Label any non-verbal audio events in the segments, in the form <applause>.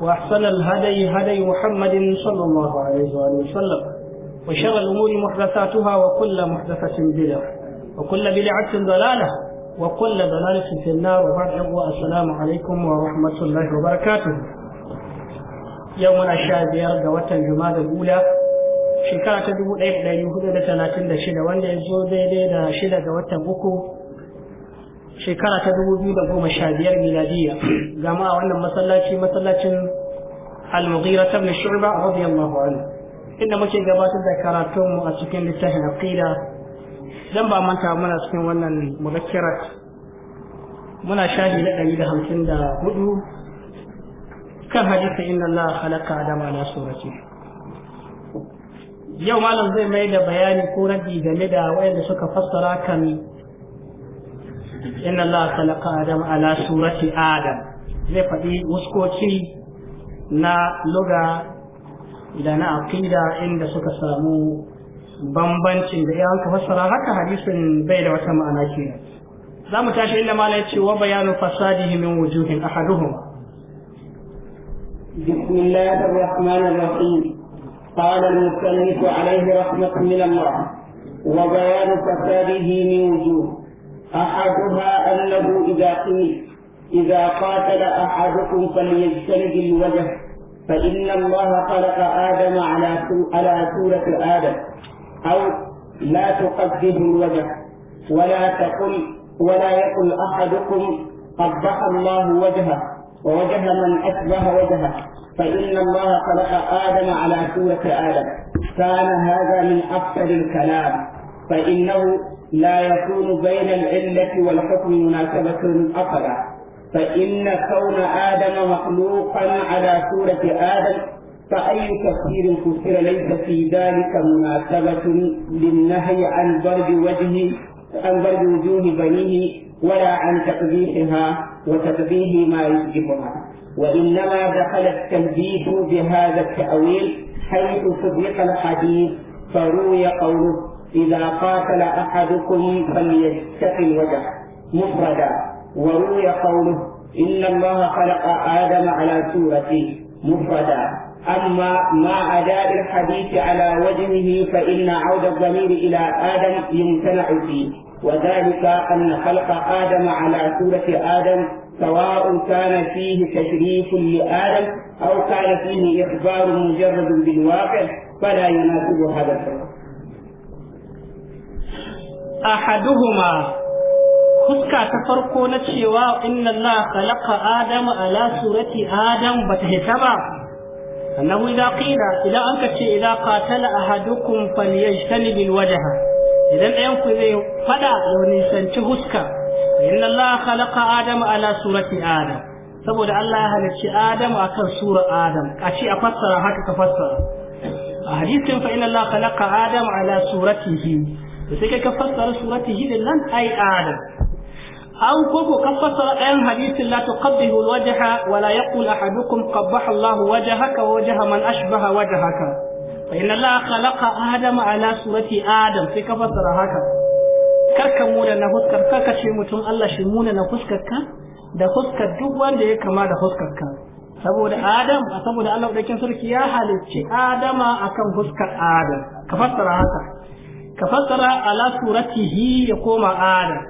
وأحسن الهدي هدي محمد صلى الله عليه وآله وسلم وشر الأمور محدثاتها وكل محدثة بدعة وكل بدعة ضلالة وكل ضلالة في النار وبعد السلام عليكم ورحمة الله وبركاته يومنا الشابير قوة الجماد الأولى shekara ta dubu ɗaya da ɗari hudu da talatin da shida wanda ya zo shekara ta biyar miladiya gama a wannan masallaci masallacin al-mughira ibn shu'ba radiyallahu anhu inda muke gabatar da karatun mu a cikin littafin aqida dan ba manta muna cikin wannan mudakkirat muna shahi na hudu. kan hadisi inna Allah halaka adama na surati yau malam zai mai da bayani ko rabi game da wayanda suka fassara kan inna Allah khalaqa adam ala surati adam zai faɗi wuskoci na luga da na aqida inda suka samu bambanci da yawan ka fassara haka hadisin bai da wata ma'ana kenan za mu tashi inda mala ya ce wa bayanu fasadihi min wujuhin ahaduhuma بسم الله الرحمن الرحيم قال المصنف عليه رحمة من الله وبيان فساده من وجوه أحدها أنه إذا قيل إذا قاتل أحدكم فليجتنب الوجه فإن الله خلق آدم على على سورة آدم أو لا تقدم الوجه ولا تقل ولا يقل أحدكم قبح الله وجهه ووجه من أشبه وجهه فإن الله خلق آدم على سورة آدم كان هذا من أفضل الكلام فإنه لا يكون بين العلة والحكم مناسبة أصلا فإن كون آدم مخلوقا على سورة آدم فأي تفسير فسر ليس في ذلك مناسبة للنهي عن ضرب وجهه عن ضرب وجوه بنيه ولا عن تقبيحها وتقبيح ما يجبها وإنما دخل التلبيس بهذا التأويل حيث صدق الحديث فروي قوله إذا قاتل أحدكم فليستقل الوجع مفردا وروي قوله إن الله خلق آدم على سورتي مفردا أما ما أداء الحديث على وجهه فإن عود الضمير إلى آدم يمتنع فيه وذلك أن خلق آدم على سورة آدم سواء كان فيه تشريف لآدم أو كان فيه إخبار مجرد بالواقع فلا يناسب هذا الشرع ahaduhuma huska ta farko na cewa inna Allah khalaqa Adam ala surati Adam bata hita ba annahu idza qila idan an kace idza qatala ahadukum falyajtanib alwajha idan ɗayan ku zai fada ya nisanci huska inna Allah khalaqa Adam ala surati Adam saboda Allah ya halicci Adam akan sura Adam a ce a fassara haka ka fassara a ala to sai ka fassara suratihi din nan ai adam aw ko ka fassara ayan hadisin la tuqabbihu alwajha wa la yaqul ahadukum qabbaha Allah wajhaka wa wajha man ashbaha wajhaka fa inna Allah khalaqa adam ala surati adam sai ka fassara haka karka muna na huskar karka ce mutum Allah shi muna na fuskarka da fuskar duk wanda ya kama da fuskarka saboda adam saboda Allah daukin sarki ya halicce adama akan fuskar adam ka fassara haka ka fassara ala suratihi ya koma ana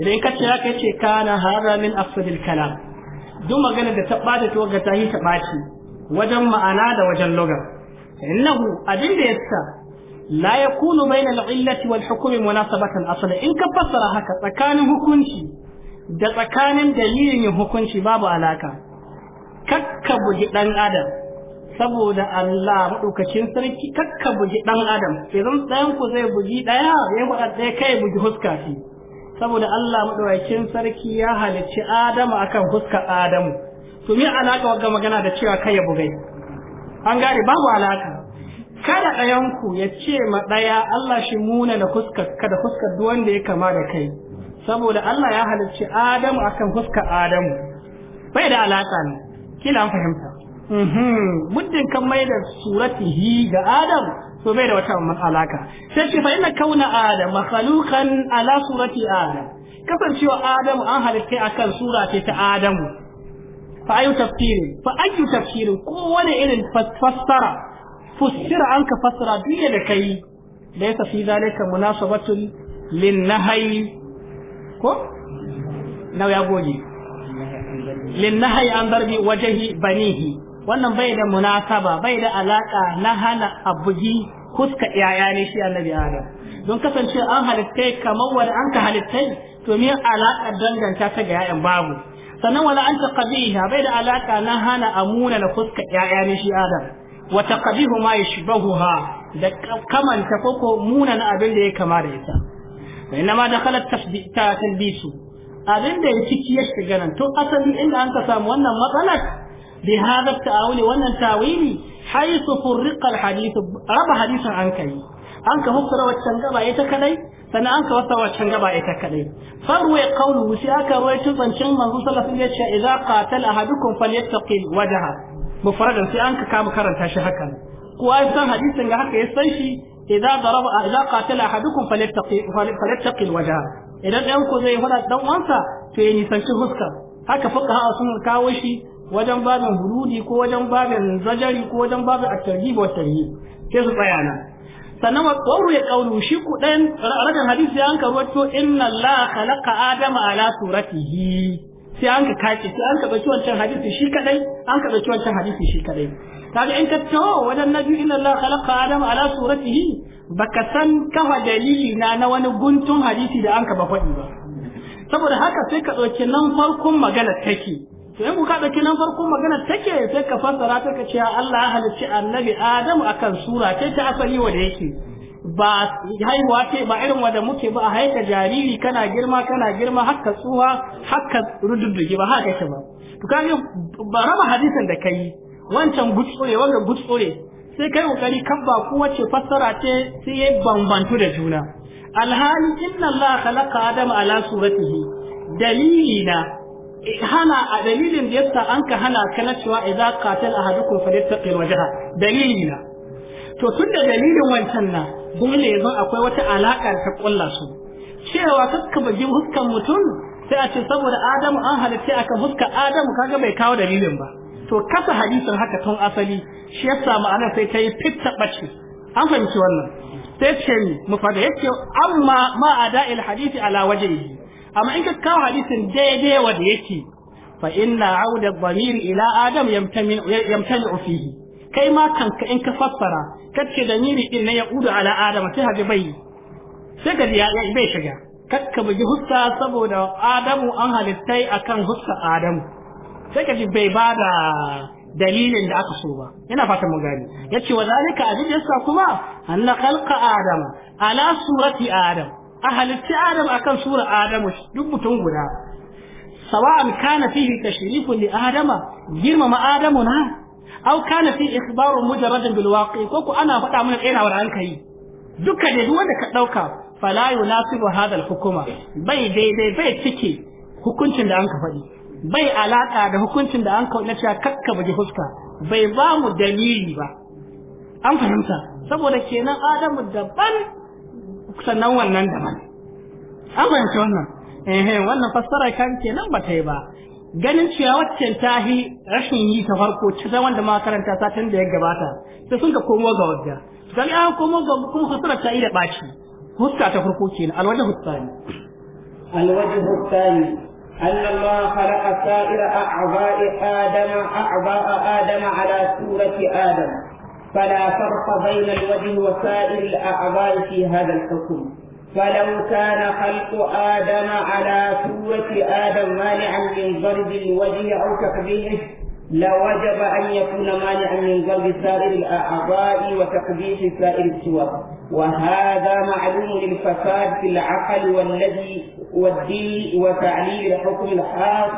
idan ka ce haka ce kana hada min afsadil kalam duk magana da ta ɓata to ga tahi ta baci wajen ma'ana da wajen lugha innahu abin da yasa la yakunu bayna al-illati wal hukm munasabatan asla in ka fassara haka tsakanin hukunci da tsakanin dalilin hukunci babu alaka kakka bugi dan adam saboda Allah maɗaukacin sarki kakka bugi ɗan adam zan ɗayan ku zai bugi ɗaya ya buɗa ɗaya kai bugi huska fi saboda Allah maɗaukacin sarki ya halicci Adamu akan huska Adamu to me alaƙa wagga magana da cewa kai ya bugai an gane babu alaƙa kada ɗayanku ya ce ma ɗaya Allah shi muna da huska, kada huska duk wanda ya kama da kai saboda Allah ya halicci Adamu akan huska Adamu bai da alaƙa ne kila an fahimta Mhm. muddin kan mai da suratihi ga adam to bai da wata alaka sai ce fa kauna adam makhluqan ala surati adam kasancewa adam an halittai akan sura ce ta adamu fa ayu tafsiri fa tafsiri ko wani irin fassara fassira, an ka fassara duniya da kai laysa fi zalika munasabatun lin ko nau ya goge lin an darbi wajhi banihi wannan bai da munasaba bai da alaka na hana abugi kuska yaya ne shi annabi adam don kasance an halittai kamar wani an ka halittai to me alaka danganta ta ga yayan babu sannan wala anta qabiha bai da alaka na hana amuna na kuska yaya ne shi adam wa taqbihu ma yashbahuha da kamanta koko muna na abin da ya kama da ita inma dakhalat tasbihu abin da ya ciki ya shiga nan to asali inda an ka samu wannan matsalar bi hadha ta'awuli wannan tawili haythu furriqa alhadith raba hadithan an kai an ka fassara waccan gaba ita kadai sannan an ka fassara waccan gaba ita kadai farwa qawluhu sai aka rawaito zancen manzo sallallahu alaihi wasallam yace idza qatala ahadukum falyattaqi wajha mufradan sai an ka kama karanta shi haka kowa ya san hadisin ga haka ya san shi idza daraba idza qatala ahadukum falyattaqi idan ɗan zai faɗa ɗan to ya nisanci fuska haka fuka ha'a sun kawo shi wajen babin hududi ko wajen babin zajari ko wajen babin at-targhib wa Ke sai su tsaya nan sannan wa qawlu ya qawlu shi ku dan rakan hadisi an karwato inna allaha khalaqa adama ala suratihi sai an ka kace sai an ka wancan hadisi shi kadai an ka wancan hadisi shi kadai kaga in ka tawo wajen nabi inna allaha khalaqa adama ala suratihi baka san kawa dalili na na wani guntun hadisi da an ka ba faɗi ba saboda haka sai ka ɗauki nan farkon magana take to in kuka ɗauki nan farko magana take sai ka fassara ta ce Allah ya halicci annabi Adamu akan sura kai ta asali da yake ba haihuwa ce ba irin wanda muke ba a haika jariri kana girma kana girma haka tsuwa haka rududdugi ba haka ce ba to kage ba raba hadisin da kai wancan gutsure wanda gutsure sai kai kokari kan ba ku wace fassara ce sai ya bambantu da juna alhali inna Allah khalaqa adama ala suratihi dalilina hana a dalilin da yasa an ka hana kana cewa idza qatal ahadukum falyattaqi wajha dalilina to tun da dalilin wancan na dole yanzu akwai wata alaka ta kulla su cewa ba jin huskan mutum sai a ce saboda adamu an halitta akan huska adamu kaga bai kawo dalilin ba to kasa hadisin haka tun asali shi yasa ma'ana sai ta yi fitta bace an fahimci wannan sai ce mu fada yake amma ma ada'il hadisi ala wajhihi amma in ka kawo hadisin daidai wanda yake fa inna auda dhamir ila adam yamtamin yamtani fihi kai ma kanka in ka fassara kace da miri din na yaudu ala adam sai haji bai sai ka ya bai shiga kakka bugi hussa saboda adamu an halittai akan hussa adamu sai ka ji bai bada dalilin da aka so ba yana fatan mu gani yace wa zalika abin da yasa kuma anna khalqa adam ala surati adam a halitti adam akan sura adamu duk mutum guda sawa'an kana fihi tashrifu li adama girmama adamu na Au kana fi ikhbaru mujarradan bil waqi ko ku ana faɗa mana tsena wa ranka duka da wanda ka dauka fala yunasibu hadal hukuma bai daidai bai cike hukuncin da an ka faɗi bai alaka da hukuncin da an ka na cewa kakka baje fuska bai ba mu dalili ba an fahimta saboda kenan adamu daban sannan wannan daban an fahimci wannan eh wannan fassara kan kenan ba ta yi ba ganin cewa waccan tahi rashin yi ta farko ci zan wanda makaranta satin da ya gabata sai sun ka komo ga wadda gani an komo ga kuma fassara ta yi da baci huska ta farko kenan alwajhu tsani alwajhu tsani أن الله خلق سائر أعضاء آدم أعضاء آدم على سورة آدم فلا فرق بين الوجه وسائر الأعضاء في هذا الحكم فلو كان خلق آدم على سورة آدم مانعا من ضرب الوجه أو تقبيحه لوجب أن يكون مانعا من ضرب سائر الأعضاء وتقبيح سائر السور وهذا معلوم للفساد في العقل والذي والدين وتعليل الحكم الخاص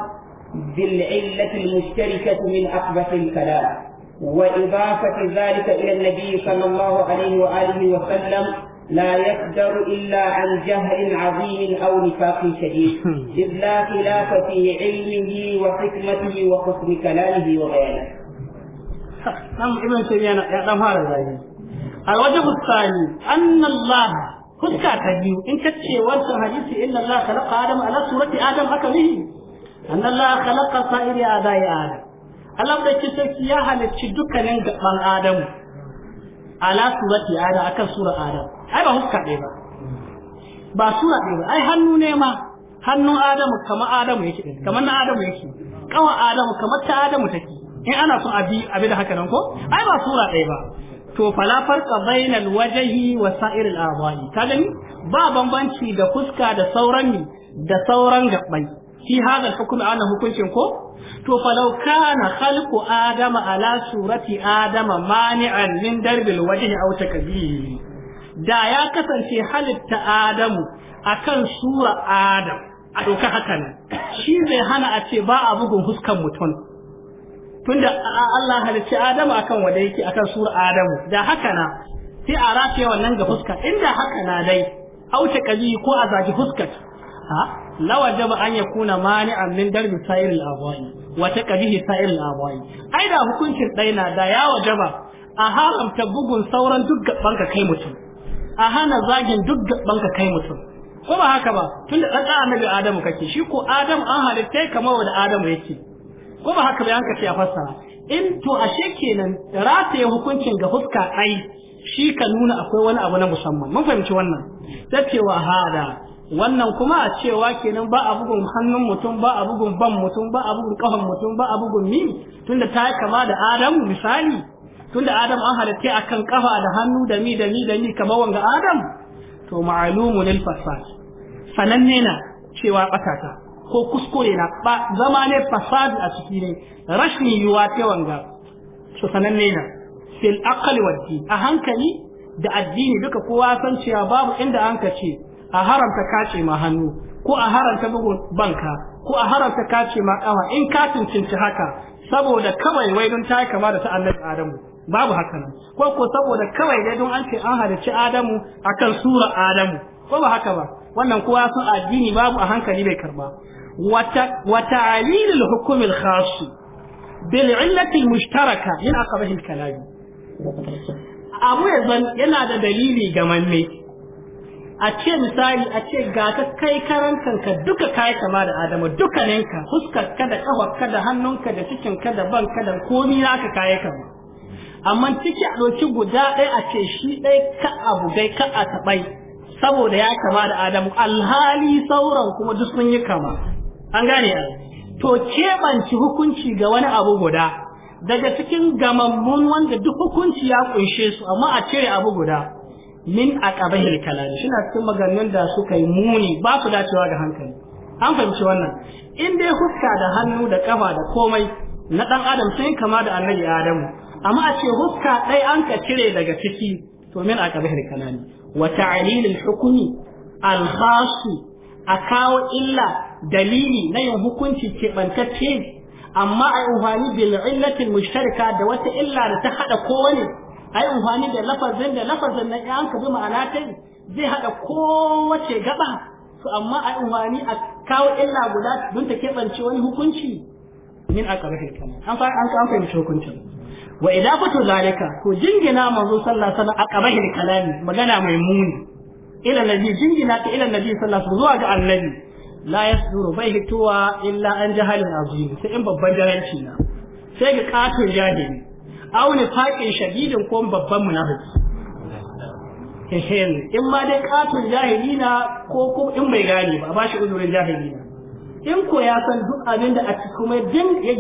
بالعلة المشتركة من أقبح الكلام وإضافة ذلك إلى النبي صلى الله عليه وآله وسلم لا يقدر إلا عن جهل عظيم أو نفاق شديد <laughs> إذ لا خلاف في علمه وحكمته وحسن كلامه وبيانه نعم ابن هذا الوجه الثاني أن الله fuska ta إن in ka ce إن الله خلق آدم على سورة آدم هكذا أن الله خلق صائر Allah آدم Allah da ke sarki ya halarci dukkanin gaban Adamu ala surati Adam akan sura Adam ai ba huska ɗaya ba ba sura ɗaya ba ai hannu ne ma hannun Adamu kamar Adamu yake kamar na Adamu yake kawan Adamu kamar ta Adamu take in ana son abi abi da haka nan ko ai ba sura ɗaya ba to fala farka bainal wajhi wa sa'iril a'dha'i ka gani ba bambanci da fuska da sauran da sauran gabbai fi hadha al-hukm ana hukuncin ko to falau kana khalqu adama ala surati adama mani'an min darbil wajhi aw takbiri da ya kasance halitta adamu akan sura adam a doka haka nan shi zai hana a ce ba a bugun huskan mutum tunda Allah halicci Adam akan wanda yake akan sura adamu da haka na sai a rafe wannan ga fuska inda haka na dai auta kaji ko a zagi fuskar ha lawajaba an yakuna mani'an min darbi sa'ir al-abwa'i wa taqdihi sa'ir al-abwa'i ai da hukuncin daina na da ya wajaba a haramta bugun sauran duk gaban ka kai mutum a hana zagin duk gaban ka kai mutum ko ba haka ba tun da tsatsa annabi adamu kake shi ko adam an halitta kamar wanda adamu yake ko ba haka ba yanka ce a fassara in to ashe kenan rataye hukuncin ga fuska ai shi ka nuna akwai wani abu na musamman mun fahimci wannan ta cewa hada wannan kuma a cewa kenan ba a bugun hannun mutum ba a bugun ban mutum ba a bugun kafan mutum ba a bugun mi tunda ta kama da adamu misali tunda adam an halitta akan kafa da hannu da mi da mi da mi kamar wanga adam to ma'alumu lil fasad sananne na cewa batata ko kuskure na ba zama ne fasad a ciki ne rashin yuwa ta wanga to sananne na fil aqli din a hankali da addini duka kowa san cewa babu inda an kace ce a haramta kace ma hannu ko a haramta bugun banka ko a haramta kace ma kawa in ka tuntunci haka saboda kawai wai don ta kama da ta annabi adamu babu haka nan ko ko saboda kawai dai don an ce an halarci adamu akan sura adamu ko ba haka ba wannan kowa sun addini babu a hankali bai karba wata wata alilul hukumil khas bil illati mushtaraka min aqabahi al abu yanzu yana da dalili ga manne a ce misali a ce ga ka kai karantar ka duka kai kama da Adamu duka huskar ka da kafar ka da hannunka da cikin ka da ka da komi ka kai kama amma ciki a ɗauki guda ɗaya a ce shi ɗaya ka abu dai ka a taɓai saboda ya kama da Adamu alhali sauran kuma duk sun yi kama an gane ya to keɓanci hukunci ga wani abu guda daga cikin gamammun wanda duk hukunci ya kunshe su amma a cire abu guda min aqabahil kalami suna cikin maganganun da suka yi muni ba su dacewa da hankali an fahimci wannan in dai huska da hannu da kafa da komai na ɗan adam sai kama da annabi adamu amma a ce huska ɗaya an ka cire daga ciki to min aqabahil kalami wa ta'lilil hukumi al a kawo illa dalili na yin hukunci keɓantacce amma a yi bil illatin mushtarika da wata illa da ta haɗa kowane Ai amfani da lafazin da lafazin nan an ka bi ma'ana kai zai haɗa kowace gaba to amma ai amfani a kawo illa guda don ta keɓance wani hukunci min aka rufe an fara an kawo fahimci hukuncin wa idafatu zalika ko jingina manzo sallallahu alaihi wasallam aqabahi kalami magana mai muni ila nabi jingina ka ila nabi sallallahu alaihi zuwa ga annabi la yasduru bai hituwa illa an jahalin azim sai in babban jaranci na sai ga katon jahili aw nifaqin shadidin ko babban munafiki in ma dai katon jahili na ko kuma in bai gane ba ba shi uzurin jahili na in ko ya san duk abin da a kuma ya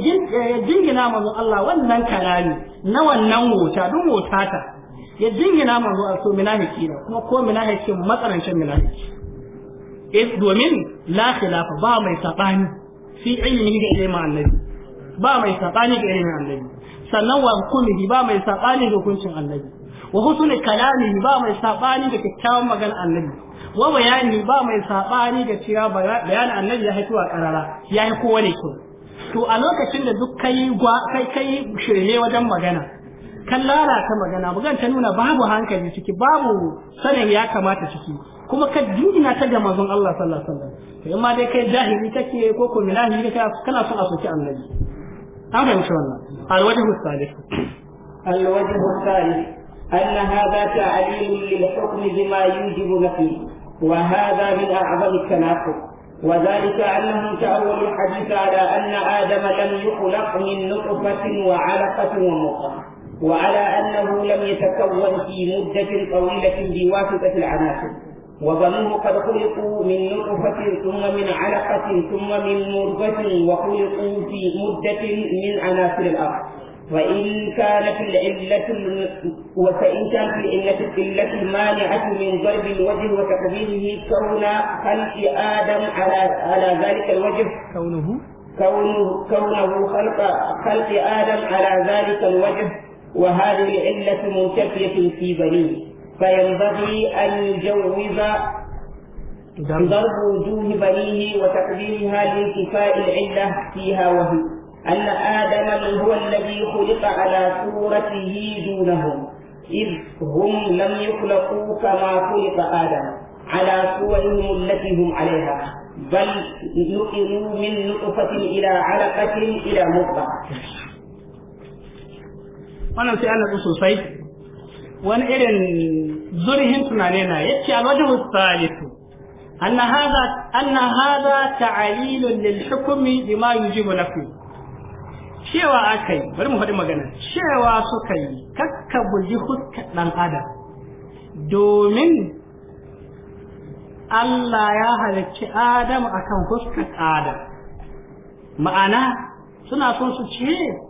jingina manzo Allah wannan kalami na wannan wuta duk wuta ta ya jingina manzo Allah so minahiki na kuma ko minahiki matsarancin minahiki is eh, domin la khilafa ba mai sabani fi ilmihi da ilmin annabi ba mai sabani ga ilmin annabi sannan wa hukumihi ba mai sabani da hukuncin annabi wa husnul kalami ba mai sabani da kyakkyawan magana annabi wa bayani ba mai sabani da cewa bayanin annabi ya haifi wa karara ya yi ne kyau to a lokacin da duk kai kai kai shirye wajen magana kan lalata magana bugan ta nuna babu hankali ciki babu sanin ya kamata ciki kuma ka jingina ta ga manzon Allah sallallahu alaihi wasallam to in ma dai kai jahili kake ko ko milahi kake kana son a soki annabi هذا إن شاء الله الوجه الثالث الوجه الثالث أن هذا تعليل للحكم بما يوجب نفي وهذا من أعظم التناقض وذلك أنهم تأولوا الحديث على أن آدم لم يخلق من نطفة وعلقة ومخة وعلى أنه لم يتكون في مدة طويلة بواسطة العناصر وظنوا قد خلقوا من نطفة ثم من علقة ثم من مرغة وخلقوا في مدة من عناصر الأرض وإن كانت العلة وفإن كانت العلة العلة المانعة من ضرب الوجه وتقديمه كون خلق آدم على على ذلك الوجه كونه كونه كونه خلق خلق آدم على ذلك الوجه وهذه العلة منتفية في بنيه فينبغي أن يجوز ضرب وجوه بنيه وتقديمها لانتفاء العلة فيها وهي أن آدم من هو الذي خلق على صورته دونهم إذ هم لم يخلقوا كما خلق آدم على صورهم التي هم عليها بل نقلوا من نطفة إلى علقة إلى مضغة. wannan sai an nutsu wani irin zurhin tunane na yace alwajhu salisu أن هذا أن هذا تعليل للحكم بما يجب نفيه cewa aka yi bari mu faɗi magana cewa suka yi kakka buji huska ɗan adam domin Allah ya halicci Adam akan huskar Adam ma'ana suna son su ce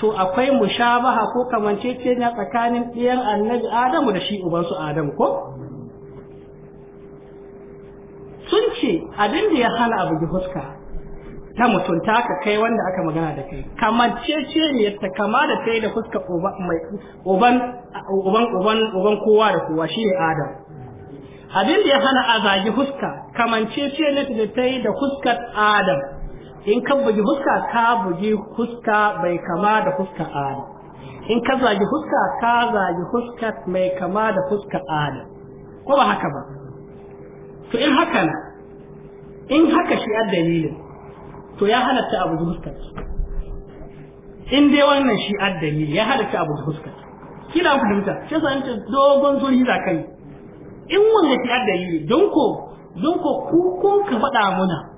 to akwai mushabaha ko kamanceceniya tsakanin ɗiyan annabi adamu da shi ubansu adamu ko sun ce abin da ya hana abu da huska ta mutunta ka kai wanda aka magana da kai kamanceceniyar ta kama da ta yi da huska uban kowa da kowa shi ne adam abin da ya hana a zagi huska, kamanceceniyar da ta yi da huskar adam in ka bugi huska ka bugi huska bai kama da huska ala. in ka zagi huska ka zagi huska mai kama da huska ala. ko ba haka ba to in haka na in haka shi a dalilin to ya halatta abu fuska in dai wannan shi a dalili ya halatta abu fuska kila sai shi ta dogon zuri za kai in wannan shi a dalili don ko don ko ku kun ka faɗa muna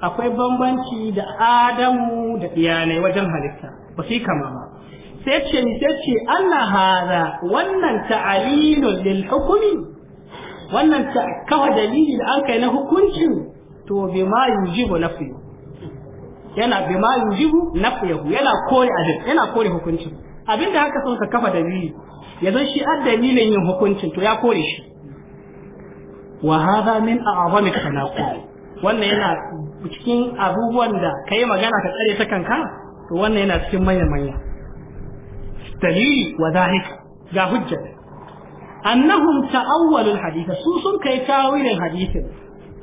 akwai bambanci da adamu da iyalai wajen halitta ba su kama ba sai ce ni sai ce Allah hada wannan ta'alilun lil hukumi wannan ta kawa dalili da an kai na hukuncin to ma yujibu nafi yana ma yujibu nafiyahu yana kore adil yana kore hukuncin abinda haka sun ka kafa dalili yanzu shi ad dalilin yin hukuncin to ya kore shi wa hada min a'zami tanaqul wannan yana cikin abubuwan da ka yi magana ka tsare ta kanka to wannan yana cikin manya manya dalili wa zalika ga hujja annahum ta'awwalul hadith su sun kai tawilin hadithin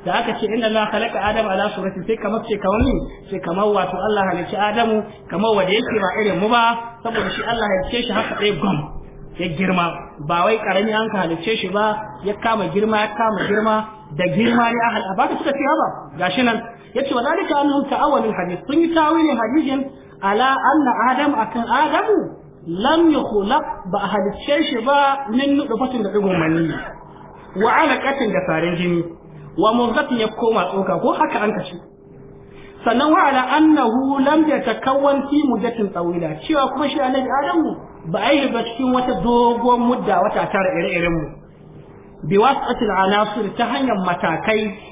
da aka ce inna la khalaqa adam ala surati sai kamar ce kamar ni sai kamar wato Allah halicci adamu kamar wanda yake ba irin mu ba saboda shi Allah halicce shi haka dai gum ya girma ba wai karami an ka halicce shi ba ya kama girma ya kama girma da girma ne ahal ba ka suka ce ba gashi nan yace wa zalika annahum ta'awwalul hadith sun yi tawilin hadithin ala anna adam akan adamu lam yukhlaq ba halicce shi ba min nudufatin da digon manni wa alaqatin da farin jini wa mudghatin ya koma tsoka ko haka an kashi sannan wa ala annahu lam yatakawwan fi muddatin tawila cewa kuma shi annabi adamu ba a yi ba cikin wata dogon mudda wata tara ire-iren mu biwasatil anasir ta hanyar matakai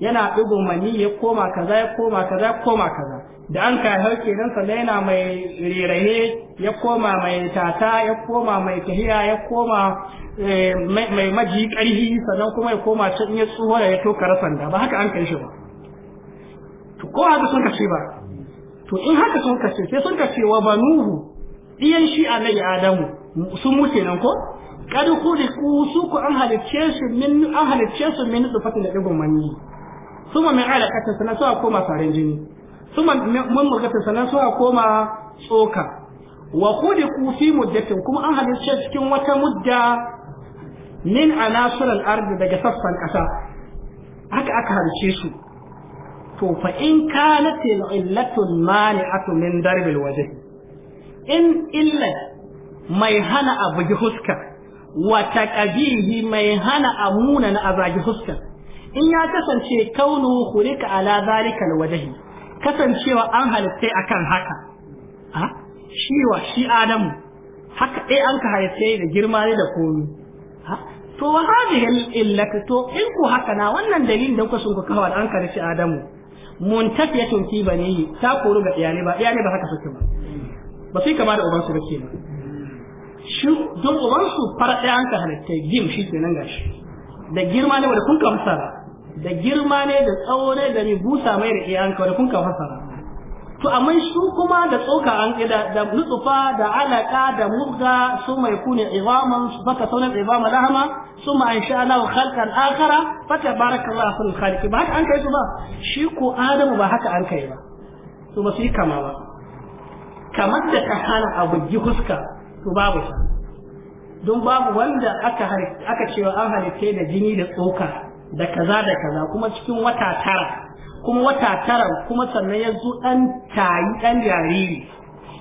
yana ɗigo mani ya koma kaza ya koma kaza ya koma kaza da an ka hau kenan sannan yana mai reraye ya koma mai tata ya koma mai tahiya ya koma eh, mai maji ƙarfi sannan kuma ya koma can ya tsuwa da ya toka rasan da ba haka an kai shi ba to ko haka sun kace ba to in haka sun kace sai sun kace wa banuhu diyan shi annabi adamu sun mutu nan ko kad ku su ku an halicce su min an halicce su min da digon manni suma min alaƙatin sannan su a koma farin jini suma mun murgatin sannan su a koma tsoka wa kudi fi muddatin kuma an halarci cikin wata mudda min anasuran ardi daga sassan ƙasa haka aka halarce su to fa in kanat illatun mani'atu min darbil waje in illa mai hana abu huska wa taqabihi mai hana amuna na azagi huskar. in ya kasance kaunu khuliqa ala zalika alwajhi kasancewa an halitta akan haka a shi wa shi adamu haka eh an ka halitta da girma da komi to wa hadhihi illatu to in ku haka na wannan dalilin da kuka sun ku kawo an ka shi adamu muntafiyatun fi banihi ta koru ga iyali ba iyali ba haka suke ba ba sai kamar da uban su ba shi don uban su fara ɗaya an ka halitta gim shi kenan gashi da girma ne wanda kun kamsa da girma ne da tsawo ne da busa mai da iyan kawai kun ka fasara to amma shi kuma da tsoka an da da nutsufa da alaka da mubga su mai kune iwaman su baka sauran iwama lahama su ma an sha Allah khalqan akhara fa tabarakallahu fil khaliq ba haka an kai su ba shi ko adamu ba haka an kai ba to ba su yi kama ba kamar da ka hana abu ji huska to babu don babu wanda aka aka cewa an halitta da jini da tsoka da kaza da kaza kuma cikin wata tara kuma wata tara kuma sannan ya zo ɗan tayi dan jariri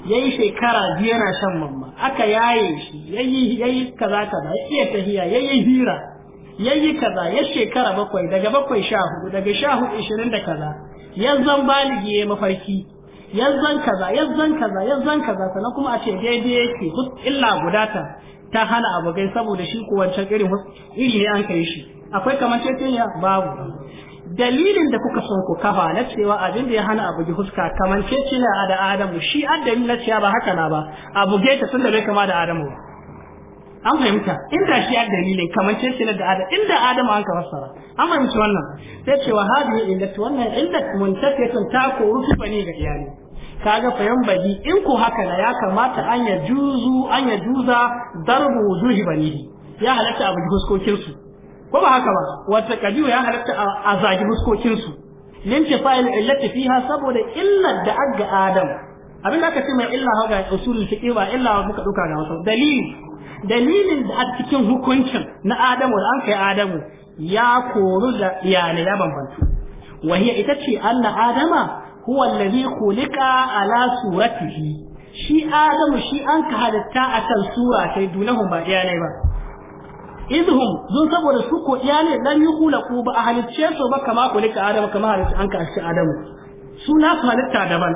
yi shekara biyu yana shan mamma aka yaye shi ya yi kaza kaza iya tahiya yi hira Ya yi kaza ya shekara bakwai daga bakwai sha hudu daga sha hudu ishirin da kaza zan baligi ya mafarki zan kaza zan kaza zan kaza sannan kuma a ce daidai yake illa gudata ta hana abu gai saboda shi ko wancan irin iri ne an kai shi akwai kamanceceniya babu dalilin da kuka son ku kafa na cewa abin da ya hana abu ji huska kamanceceniya da adamu shi addami na cewa ba haka na ba abu geta sun da bai kama da adamu ba an fahimta inda shi ya dalilin kamanceceniya da adamu inda adamu an sara, an fahimci wannan sai cewa ya inda wannan inda muntafiyatun ta koru su bane ga iyali kaga fayan bali in ko haka na ya kamata an ya juzu an ya juza darbu wujuhi bani ya halatta abu huskokin huskokinsu. ko ba haka ba wata kabiyu ya halatta a zagi fuskokin su lintifa'il illati fiha saboda illar da aga adam abin da aka ce mai illa ga usulul fiqh ba illa muka duka ga wasu dalili dalilin da a cikin hukuncin na adamu da an kai adamu ya koru da iyalai ya bambantu wahiya ita ce anna adama huwa allazi khuliqa ala suratihi shi adamu shi an ka halitta a kan sura sai dunahum ba iyalai ba idhum dun saboda su ko iya ne kula ku ba a halicce su ba kama ku ne ka adam kama halicce an ka shi adam su na halitta daban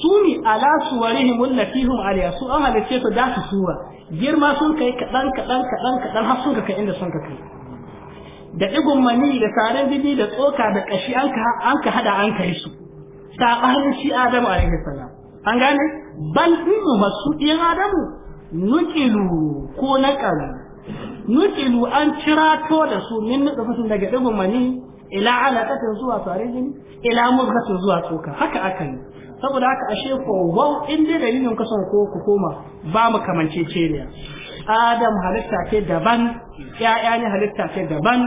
su ni ala suwarihim allatihum alayha su an halicce su da su suwa girma sun kai kadan kadan kadan kadan har sun kai inda sun kai da igun mani da saran bibi da tsoka da kashi an ka an ka hada an kai su sabanin shi adam alayhi salam an gane bal in masu iya adamu nukilu ko nakalu nukilu an cirato da su min nutfatin daga digon mani ila alaqatin zuwa tsarin ila ila muzghatin zuwa tsoka haka aka yi saboda haka ashe ko wau in dai dalilin ka son ko ku koma ba mu kamance ceriya adam halitta ce daban ya'ya ne halitta ce daban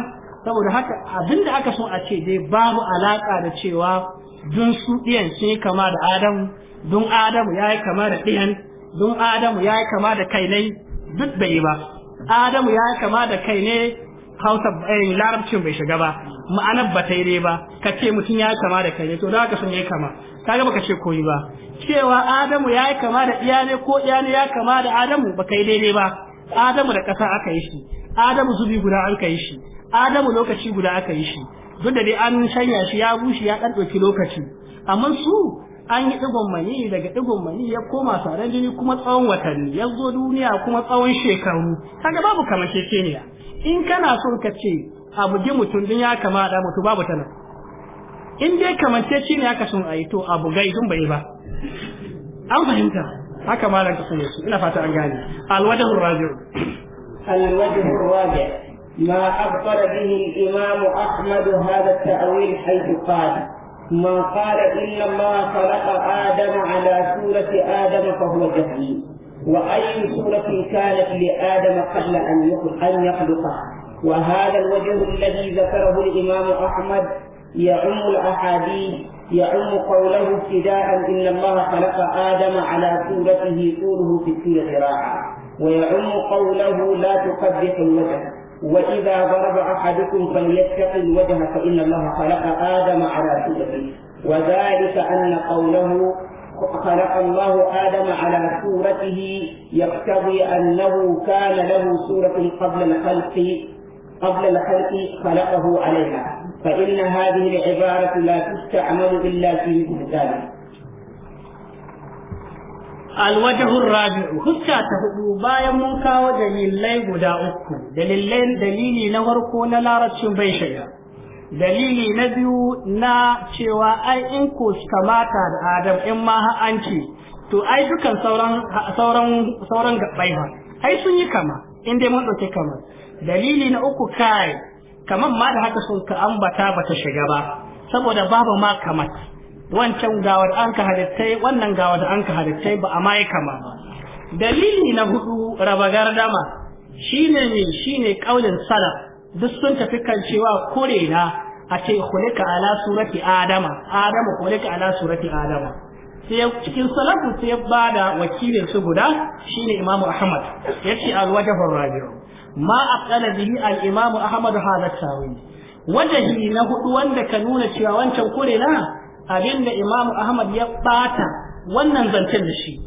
saboda haka abinda aka so a ce dai babu alaka da cewa dun su ɗiyan sun yi kama da adamu dun adamu ya yi kama da ɗiyan dun adamu ya yi kama da kainai duk bai ba adamu ya kama da kai ne hausa eh, larabcin bai shiga ba ma'anar ba ta yi ba ka ce mutum ya kama da kai ne to da ka san yi kama gaba baka ce koyi ba cewa adamu ya yi kama da iyane ko iyane ya kama da adamu ba ka yi daidai ba adamu da ƙasa aka yi shi adamu zubi guda an ka yi shi adamu lokaci guda aka yi shi duk da dai an shanya shi ya bushe ya ɗan lokaci amma su an yi ɗigon mani daga ɗigon mani ya koma saran jini kuma tsawon watanni ya zo duniya kuma tsawon shekaru kaga babu shekeniya in kana son ka ce a bugi mutum din ya kama da mutu babu tana in dai kamance ne aka sun yi to a bugai dun bai ba an fahimta haka malam ka sanya su ina fata an gane alwajhu rabi'u alwajhu rabi'u ما أخبر به الإمام أحمد هذا التأويل حيث قال من قال إن الله خلق آدم على سورة آدم فهو جهمي وأي سورة كانت لآدم قبل أن يخلقها وهذا الوجه الذي ذكره الإمام أحمد يعم الأحاديث يعم قوله ابتداء إن الله خلق آدم على سورته طوله ستين ذراعا ويعم قوله لا تقبح الوجه وإذا ضرب أحدكم فليتقل وجهه فإن الله خلق آدم على سورته وذلك أن قوله خلق الله آدم على صورته يقتضي أنه كان له صورة قبل الخلق قبل الخلق خلقه عليها فإن هذه العبارة لا تستعمل إلا في ذلك alwajahun rabi'u huska ta hudu bayan mun kawo dalilai guda uku dalilai dalili na farko na larabcin bai shiga dalili na biyu na cewa ai in ko kamata da adam in ma an ce to ai dukan sauran sauran sauran gabbai ha ai sun yi kama in dai mun dauke kama dalili na uku kai kaman ma da haka sun ka ambata bata shiga ba saboda babu ma kamata wancan gawar an ka halittai wannan gawar da an ka halittai ba a mai kama ba dalili na hudu raba gardama Shi ne ne ƙaunin salaf duk sun tafi kan cewa kore na a ce ka ala surati adama adama ka ala surati adama cikin salafu sai bada wakilin su guda shine imamu ahmad yace alwajhur rabi'u ma a aqala bihi al'imamu Ahmadu ahmad hadha tawil wajahi na hudu wanda ka nuna cewa wancan kore na Abin da Imam Ahmad ya bata wannan zancen da shi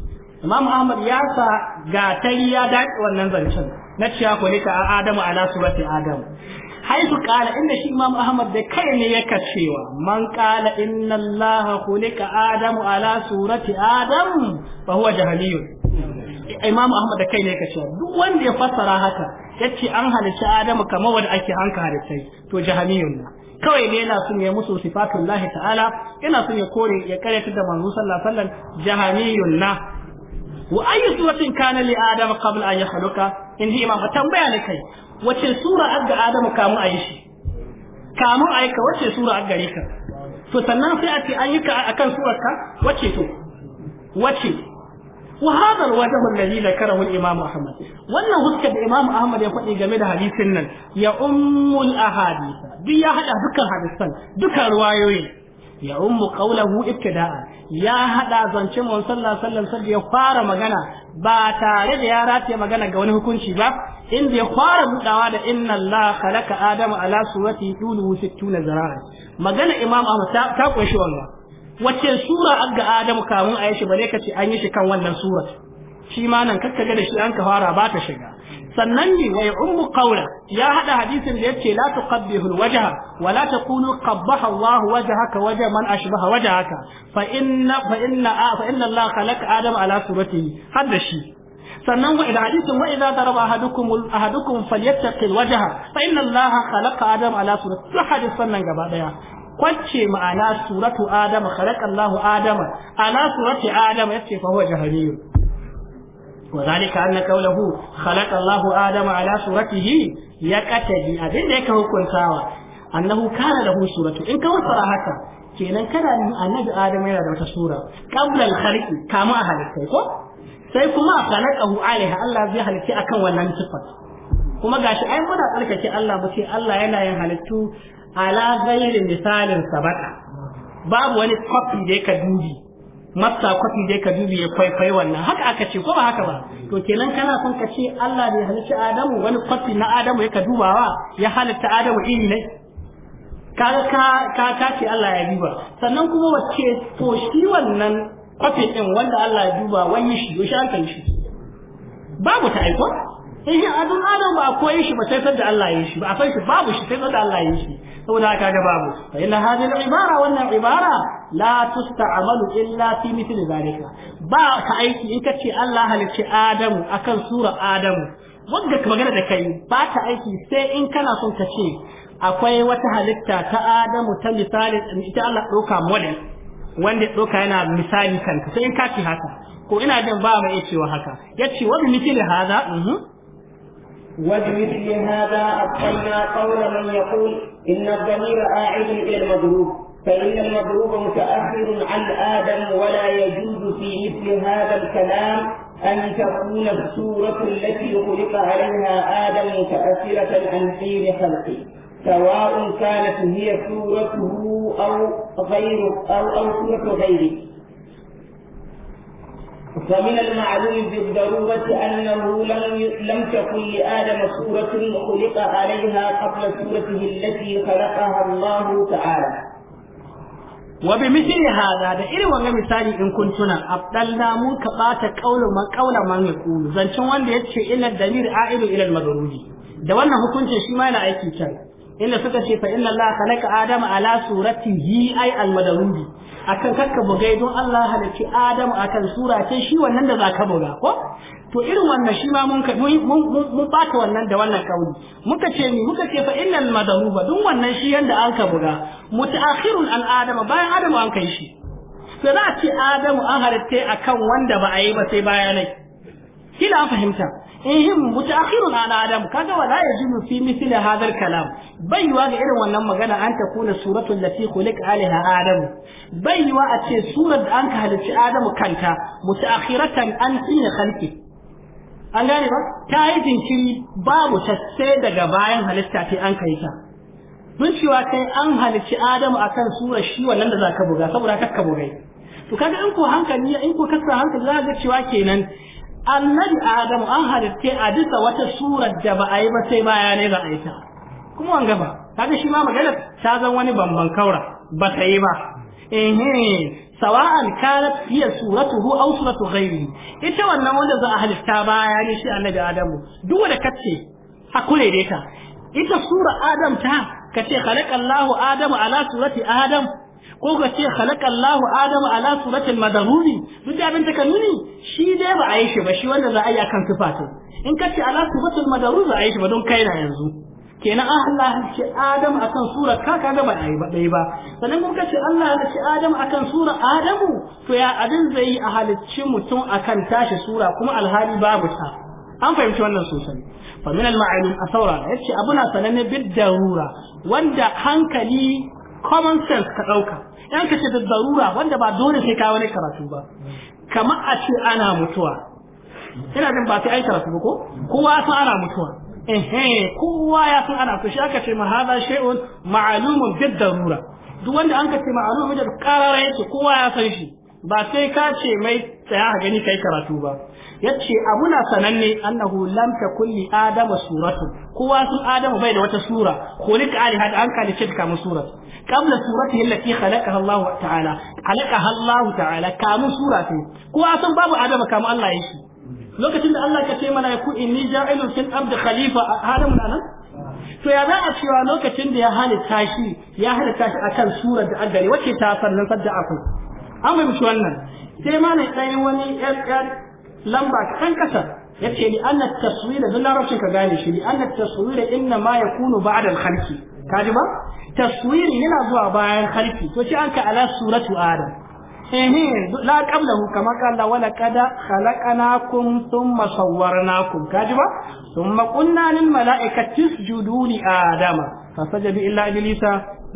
Imam Ahmad ya sa gatari ya dace wannan zancen na cewa kulika a Adamu ala surati Adam haitu kala inda shi Imam Ahmad da kai ne ya cewa man kala inna Allah kulika Adamu ala surati Adam fa huwa jahaliyun Imam Ahmad da kai ne ya cewa duk wanda ya fassara haka yace an halitta Adamu kamar wanda ake hanka halittai to jahaliyun na kawai ne yana son ya musu sifatun lahi ta'ala yana son ya kore ya karyata da manzo sallallahu alaihi wasallam jahaniyun na wa ayyu suratin kana li adam qabla an yakhluqa in ji imam tambaya ne kai wace sura aga adam kamu ayi shi kamun ayi ka wace sura aga gare ka to sannan sai a ce an yi ka akan surar ka wace to wace wa hadha alwajh alladhi dhakarahu al-imam ahmad wannan huskar da imam ahmad ya faɗi game da hadisin nan ya ummul ahadith duk ya haɗa dukkan hadisan dukkan ruwayoyi ya ummu qawluhu ibtida'a ya haɗa zance mu sallallahu alaihi wasallam ya fara magana ba tare da ya rataye magana ga wani hukunci ba inda ya fara budawa da inna Allah khalaqa adama ala surati tulu 60 zara'a magana imam Ahmad ta, ƙunshi kunshi wannan wacce sura aga adamu kamun a yi shi ce an yi shi kan wannan sura shi ma nan kakkaga da shi an ka fara ba ta shiga sannan ne wai ummu qawla ya hada hadisin da yake la tuqabbihu alwajha wa la takunu qabbaha Allah wajhaka wajha man ashbaha wajhaka fa inna fa inna fa inna Allah khalaqa adama ala suratihi hadda shi sannan wa ila hadisin wa idza daraba ahadukum ahadukum falyattaqi alwajha fa inna Allah khalaqa adama ala Su hadisan sannan gaba daya kwace ma'ana suratu adama khalaqa Allah adama ala surati adama yace fa huwa jahannam وذلك أن قوله خلق الله آدم على صورته يكتدي أبين لك هكو ساوى أنه كان له صورة إن كان صراحة kenan kana annabi Adamu yana da wata sura qabla al kamu a halitta ko sai kuma a khalaqahu alaiha Allah zai halitta akan wannan sifar kuma gashi ai muna tsarkake Allah mu ce Allah yana yin halittu ala ghairi misalin sabaka babu wani copy da ka dubi masa kwafi dai ka dubi ya kwaikwai wannan haka aka ce ko ba haka ba to kenan kana son ka ce Allah bai halitta Adamu wani kwafi na Adamu ya ka dubawa ya halitta Adamu iri ne ka ka ka ce Allah ya duba sannan kuma wace to shi wannan kwafi din wanda Allah ya duba wani shi yo shi hankali shi babu ta aiko eh shi Adam Adam ba koyi shi ba sai da Allah ya yi shi ba a san shi babu shi sai da Allah ya yi shi saboda haka ga babu fa illa hadhihi al-ibara wannan ibara la tusta'malu illa fi mithli zalika ba ka aiki in kace Allah halicci Adamu akan sura Adamu wanda ka magana da kai ba ta aiki sai in kana son ka ce akwai wata halitta ta Adamu ta misali ita Allah doka model wanda doka yana misali kanka sai in ka ce haka ko ina jin ba mai cewa haka yace wa mithli hadha mhm. وبمثل هذا أبقينا قول من يقول إن الضمير عائد إلى المضروب فإن المضروب متأخر عن آدم ولا يجوز في مثل هذا الكلام أن تكون السورة التي خلق عليها آدم متأثرة عن حين خلقه سواء كانت هي سورته أو غيره أو أو سورة غيره ومن المعلوم بالضرورة أنه لم لم تكن لآدم سورة خلق عليها قبل سورته التي خلقها الله تعالى. وبمثل هذا da irin wannan misali in kun tuna abdalla mun ka bata qaulu man qaula man yaqulu zancin wanda yace ina dalil a'ilu ila al-madruji da wannan hukuncin shi ma yana aiki can inda suka ce fa inna allaha khalaqa adama ala suratihi ay al-madruji akan kakka buga idan Allah halarci Adam akan sura ce shi wannan da zaka buga ko to irin wannan shi ma mun mun bata wannan da wannan kauli muka ce ni muka ce fa innal madruba dun wannan shi yanda an ka buga mutaakhirun an adama bayan adamu an kai shi to za a ce adamu an halitta akan wanda ba a yi ba sai bayanai kila an fahimta ihim eh, mutaakhirun an adam kaga wala yajibu fi mithli hadha al-kalam baiwa ga irin wannan magana an ta kuna suratul lati khuliq alaiha adam baiwa a ce surar da an ka halicci adamu kanta mutaakhiratan an hina khalqi an gane ba ta yi jinkiri babu ta sai daga bayan halitta ta an kai ta dun cewa sai an halicci adamu akan surar shi wannan da zaka buga saboda kakka bugai to kaga in ko hankali in ko kasa hankali za ga cewa kenan annabi adamu an halitte a bisa wata sura da ba a yi ba sai baya ne ba a yi ta kuma an gaba kaga shi ma magana ta zan wani bamban kaura ba ta yi ba eh sawa'an kanat suratu hu aw suratu ghairi ita wannan wanda za a halitta baya ne shi annabi adamu duk wanda kace hakure dai ita sura adam ta kace khalaqallahu adamu ala surati adam ko ka ce khalaqa Allahu Adama ala suratil madaruri duk abin da ka nuni shi dai ba a yi shi ba shi wanda za a yi akan sifatin in ka ce ala suratil madaruri ba a yi shi ba don kai na yanzu kenan Allah ya ce Adam akan sura ka ga ba a yi ba dai ba sannan kuma ka ce Allah ya ce Adam akan sura Adamu to ya adin zai yi a halicci mutum akan tashi sura kuma alhali babu ta an fahimci wannan sosai fa min al-ma'lum a saurara yace abuna sananne bid darura wanda hankali common sense ka ɗauka yan ka ce da darura wanda ba dole sai ka wani karatu ba kamar a ce ana mutuwa ina jin ba sai ai karatu ba ko kowa ya san ana mutuwa ehe kowa ya san ana to shi aka ce ma hada shay'un ma'lumun bid darura duk wanda an ka ce ma'lumun da karara yake kowa ya san shi ba sai ka ce mai tsaya a gani kai karatu ba yace abu na sananne annahu lam takun li adama suratu kowa sun adama bai da wata sura khuliqa ali hada an kalice ka mu suratu قبل سورته التي خلقها الله تعالى خلقها الله تعالى كام سورة كو أصلا باب عدم كام الله يشي lokacin da Allah ka ce mana ya ku inni ja'ilun fil ardi khalifa hada mun to ya za a cewa lokacin da ya halitta shi ya halitta shi akan surar da aggare wacce ta sannan sadda akwai an bai shi wannan sai ma ne dai wani yan lamba kan kasa yace ni anna taswira da larabcin ka gane shi ni anna taswira inna ma yakunu ba'da al-khalqi kaji ba taswiri yana zuwa bayan harfi to shi an ka ala suratu adam ehe la qablahu kama qala wala qad khalaqnakum thumma sawwarnakum kaji ba thumma qulna lil malaikati isjudu li adama fasajadu illa iblisa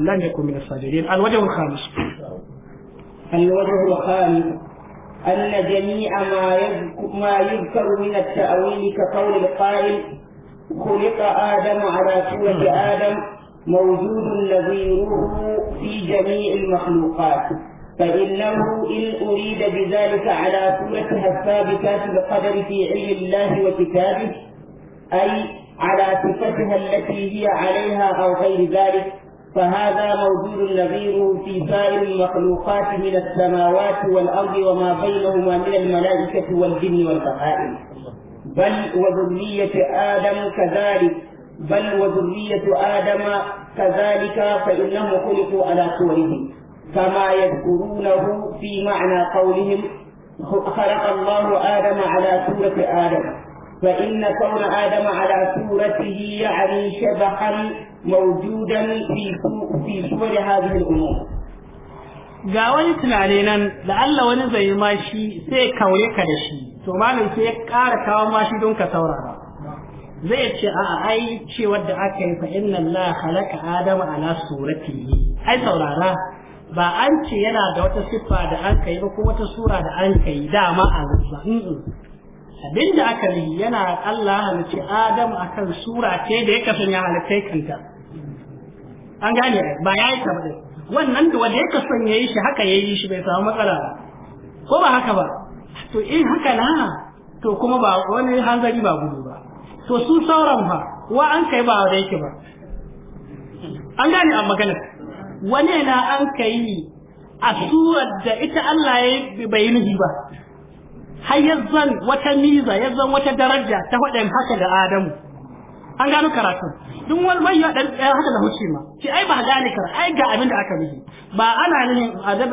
lam yakun min as-sajidin al-wajh al-khamis al-wajh al-khamis أن جميع ما يذكر, ما يذكر من التأويل كقول القائل خلق آدم على سورة آدم موجود نظيره في جميع المخلوقات فإنه إن أريد بذلك على صورتها الثابتة القدر في علم الله وكتابه أي على صفتها التي هي عليها أو غير ذلك فهذا موجود نظيره في سائر المخلوقات من السماوات والأرض وما بينهما من الملائكة والجن والبهائم بل وذرية آدم كذلك بل وذرية آدم كذلك فإنهم خلقوا على صورهم كما يذكرونه في معنى قولهم خلق الله آدم على صورة آدم فإن كون آدم على صورته يعني شبحا موجودا في في صور هذه الأمور ga wani tunani nan la'alla wani zai ma shi sai kaure ka da shi to malam sai ya kawo don ka saurara zai ce a ai ce wadda aka yi fa inna Allah khalaqa adama ala suratihi ai saurara ba an ce yana da wata siffa da an kai ba ko wata sura da an kai dama a zuwa abin da aka yi yana Allah halice Adam akan sura ce da ya kasan ya halittai kanta an gane ba ya yi kamar wannan da wanda ya kasan ya yi shi haka ya yi shi bai samu matsala ba ko ba haka ba to in haka na to kuma ba wani hanzari ba gudu ba to su sauran ba wa an kai ba da yake ba an gane a magana wani na an kai a surar da ita Allah ya bai nuhi ba har yazzan wata miza yazzan wata daraja ta faɗin haka da Adamu an gano karatu duk wani mai yaɗa haka da huce ma ce ai ba gane karatu ai ga abin da aka nuhi ba ana nuhin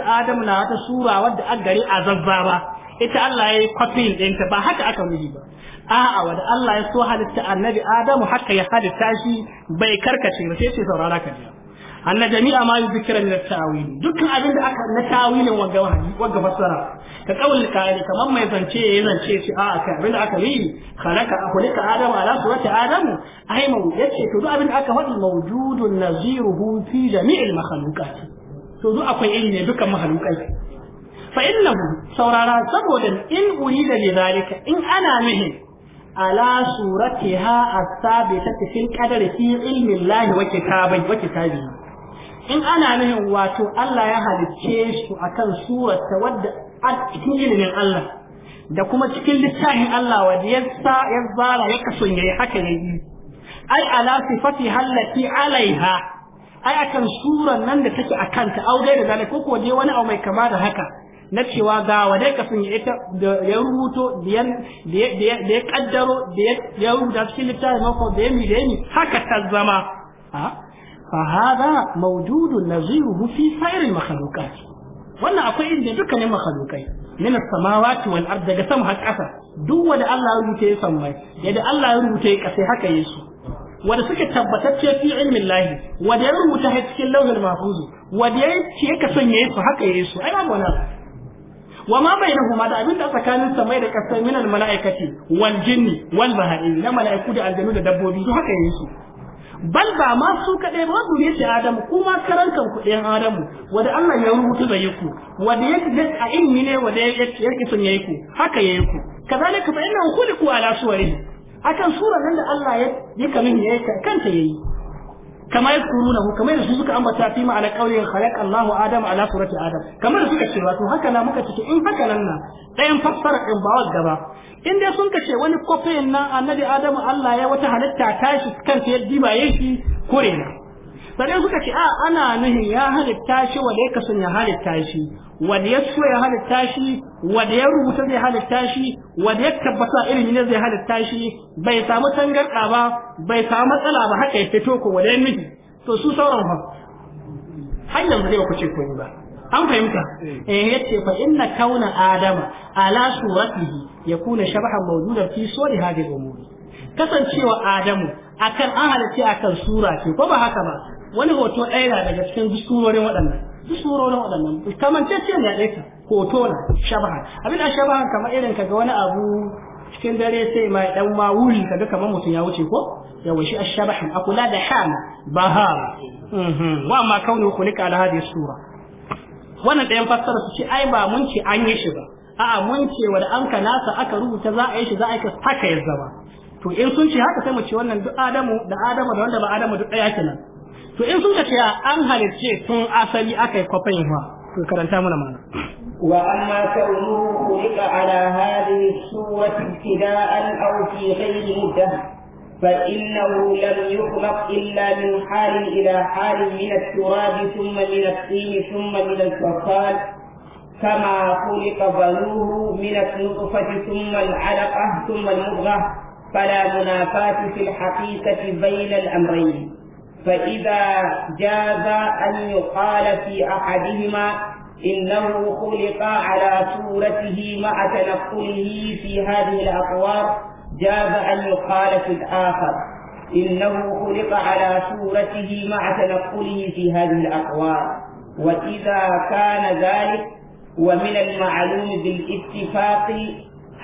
adamu na wata sura wadda an gari a zazzaba. ba ita Allah ya yi kwafin ɗinta ba haka aka nuhi ba a'a wanda Allah ya so halitta annabi Adamu haka ya halitta shi bai karkace ba sai ce saurara ka jiya anna jami'a ma yuzkira min at-ta'wil dukkan abin da aka na tawilin wanga wahayi wanga fassara ka kawul kare kamar mai zance ya zance shi a'a kai abin da aka yi khalaqa akhlika adam ala surati adam ai mu yace to duk abin da aka faɗi mawjudun naziruhu fi jami'il makhluqat to duk akwai iri ne dukkan makhluqai fa innahu saurara saboda in urida li zalika in ana mihin ala suratiha as-sabitati fil qadari fi ilmi Allah wa kitabi wa kitabi in ana mihin wato Allah ya halicce su akan wadda a cikin ilimin Allah da kuma cikin littafin Allah wa ya ya zara ya kasun yayi haka yayi ai ala sifati hallati alaiha ai akan suran nan da take akanta aure da zalika ko ko dai wani abu mai kama da haka na cewa ga wadai kafin ya ita da ya rubuto da ya da ya kaddaro da ya rubuta cikin littafin mako da ya mi da ya mi haka ta zama fa hada mawjudun naziruhu fi sa'irin makhluqat wannan akwai inda dukkanin makhluqai min as-samawati wal ard daga sama har ƙasa duk wanda Allah ya rubuta ya sammai yadda Allah ya rubuta ya ƙasa haka yesu wanda suke tabbatacce fi ilmin lahi wanda ya rubuta cikin lauhin mahfuzu wanda ya ce ka son yayi su haka yayi su ai babu wani wa ma bainahuma da abin da tsakanin samai da kasai min al malaikati wal jinni wal bahari na malaiku da aljanu da dabbobi duk haka yayin su bal ba ma su kadai ba su ne adamu kuma karantan ku ɗayan adamu wanda Allah ya rubuta da yiku wanda yake da a ilmi ne wanda yake sun yayi ku haka yayi ku kazalika fa innahu khuliqu ala suwari akan sura nan da Allah ya yi kamin yayi kanta yayi kama yaskurunahu kamar da su suka ambata fi ma'ana qaulin khalaqa Allahu Adam ala surati Adam kamar da suka ce wato haka na muka ce in haka nan na ɗayan fassara in ba gaba in dai sun kace wani kofin nan annabi Adam Allah ya wata halitta tashi kan ta yaddi ba yake kore na sannan suka ce a ana nuhin ya halitta shi wale ya kasan ya halitta shi wanda ya so ya halitta shi wanda ya rubuta zai halitta shi wanda ya tabbata ilimi ne zai halitta shi bai samu tangarɗa ba bai samu matsala ba haka ya fito ko wanda ya miji to su sauran fa har yanzu ku ce ba an fahimta eh ce fa inna kauna adama ala suratihi yakuna shabahan mawjudan fi suri hadhihi umuri kasancewa adamu akan an halitta akan sura ce ko ba haka ba wani hoto ɗaya daga cikin surorin waɗannan duk surorin waɗannan kamantacce ya a ɗaya hoto na shabahan abin da shabahan kamar irin kaga wani abu cikin dare sai mai ɗan ma wuri kaga kamar mutum ya wuce ko yawa shi ashabahan a kula da han ba ha mhm. wa amma kaunu kulika ala hadhihi sura wannan ɗayan fassara su ce ai ba mun ce an yi shi ba a'a mun ce wanda an ka nasa aka rubuta za a yi shi za a yi haka ya zama to in sun ce haka sai mu ce wannan duk adamu da adamu da wanda ba adamu duk ɗaya kenan to in sun tafiya an halicce tun asali aka yi kwafin fa to karanta mana mana wa amma kaunuhu khuliqa ala hadhihi surati ibtida'an aw fi ghayri muddah فإنه min يخلق إلا من حال إلى حال من التراب ثم من الطين min من الفصال كما خلق بنوه من النطفة ثم العلقة ثم المضغة فلا منافاة في الحقيقة بين الأمرين فإذا جاز أن يقال في أحدهما إنه خلق على صورته مع تنقله في هذه الأطوار جاز أن يقال في الآخر إنه خلق على صورته مع تنقله في هذه الأطوار وإذا كان ذلك ومن المعلوم بالاتفاق